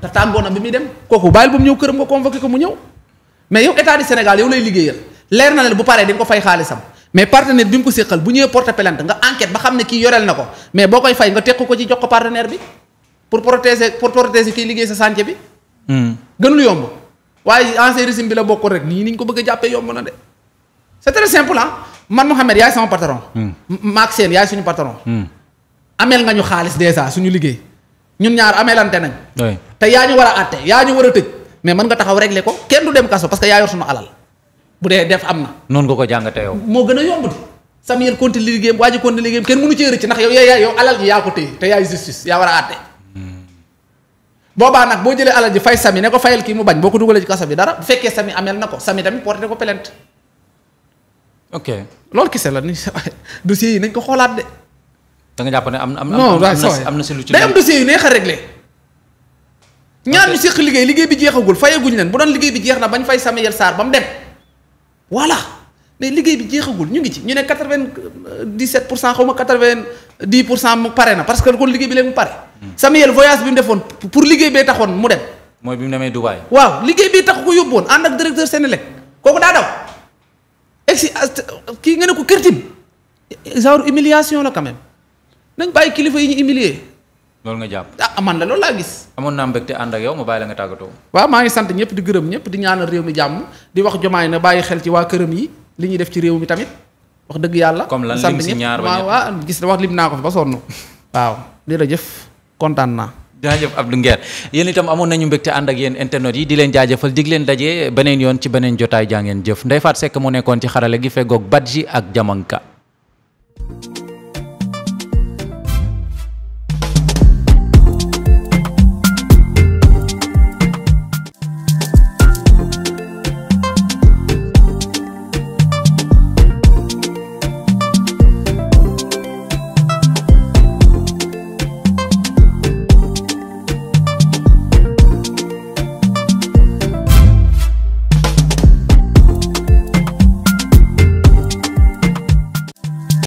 te tàngoona bi muy dem kooku bàyyil ba mu ñëw këram nga convoqué ko mu ñëw mais yow état du Sénégal yow lay liggéeyal leer na leen bu paree di nga ko fay xaalisam mais partenaire bi mu ko séqal bu ñëwee porte plainte nga enquête ba xam ne kii yoreel na ko mais boo koy fay nga teq ko ci jox ko partenaire bi pour protéger pour protéger kiy liggéey sa chantier bi. Hmm. gënul yomb waaye ancien régime bi la bokkoon rek nii ni ñu ko bëgg a jàppee yomb na de c'est très simple ah man Mouhamed yaay sama patron. Hmm. maak seen yaay suñu patron. Hmm. ameel nga ñu xaalis déjà suñu liggéey ñun ñaar ameelante nañ. te yaa ñu war a àtte yaa ñu war a tëj. mais mën nga taxaw régler ko kenn du dem kaso parce que yaa yor sunu alal bu dee def am na. noonu nga ko jàngatee yow. moo gën a yomb di Samuel continue liggéeyam waa ji continue liggéeyam kenn mënu cee rëcc ndax yow yaa yow alal ji yaa ko téye te yaay justice yaa war a àtte. boobaa nag boo jëlee alal ji fay sami ne ko fayal kii mu bañ boo ko dugalee ci kaso bi dara bu fekkee sami amel na ko sami tamit porté ko plainte. ok loolu kese la ni dossiers yi nañ ko xoolaat da jàpp ne am na am na si lu ci. day am dossiers ñaar ñu séq liggéey liggéey bi jeexagul fayaguñ leen bu doon liggéey bi jeex na bañ fay Samuel Sarr ba mu dem voilà liggéey bi jeexagul ñu ngi ci ñu ne quatre-vingt-dix-sept pour cent xaw ma pour cent mu pare na parce que kon liggéey bi léegi mu pare. Hmm. Samuel voyage bi mu defoon pour liggéey bee taxoon mu dem. mooy bi mu demee waaw liggéey bi tax ko yóbbuwoon ànd ak directeur Sénélec kooku daa daw. exi ah, kii nga ne ko kërtim genre humiliation la quand même nañ bàyyi kilifa yi ñu humilier loolu nga jàpp ah man la lool laa gis. amoon naa mbégte ànd ak yow ma bàyyi la nga tàggatoo. waaw maa ngi sant ñëpp di gërëm ñëpp di ñaanal réew mi jàmm di wax jomaay na bàyyi xel ci waa këram yi li ñu def ci réew mi tamit wax dëgg yàlla. comme lan lim si ñaar ba waaw gis wax lim naa ko fi ba sonn. waaw jëf kontaan naa. jaajëf Abdou Nguer yéen itam amoon nañu mbégte ànd ak yéen internet yi di leen jaajëfal dig leen daje beneen yoon ci beneen jotaay jaa ngeen jëf Ndeye Fatou Seck mu nekkoon ci xarale gi feggoog Badji ak Jamanka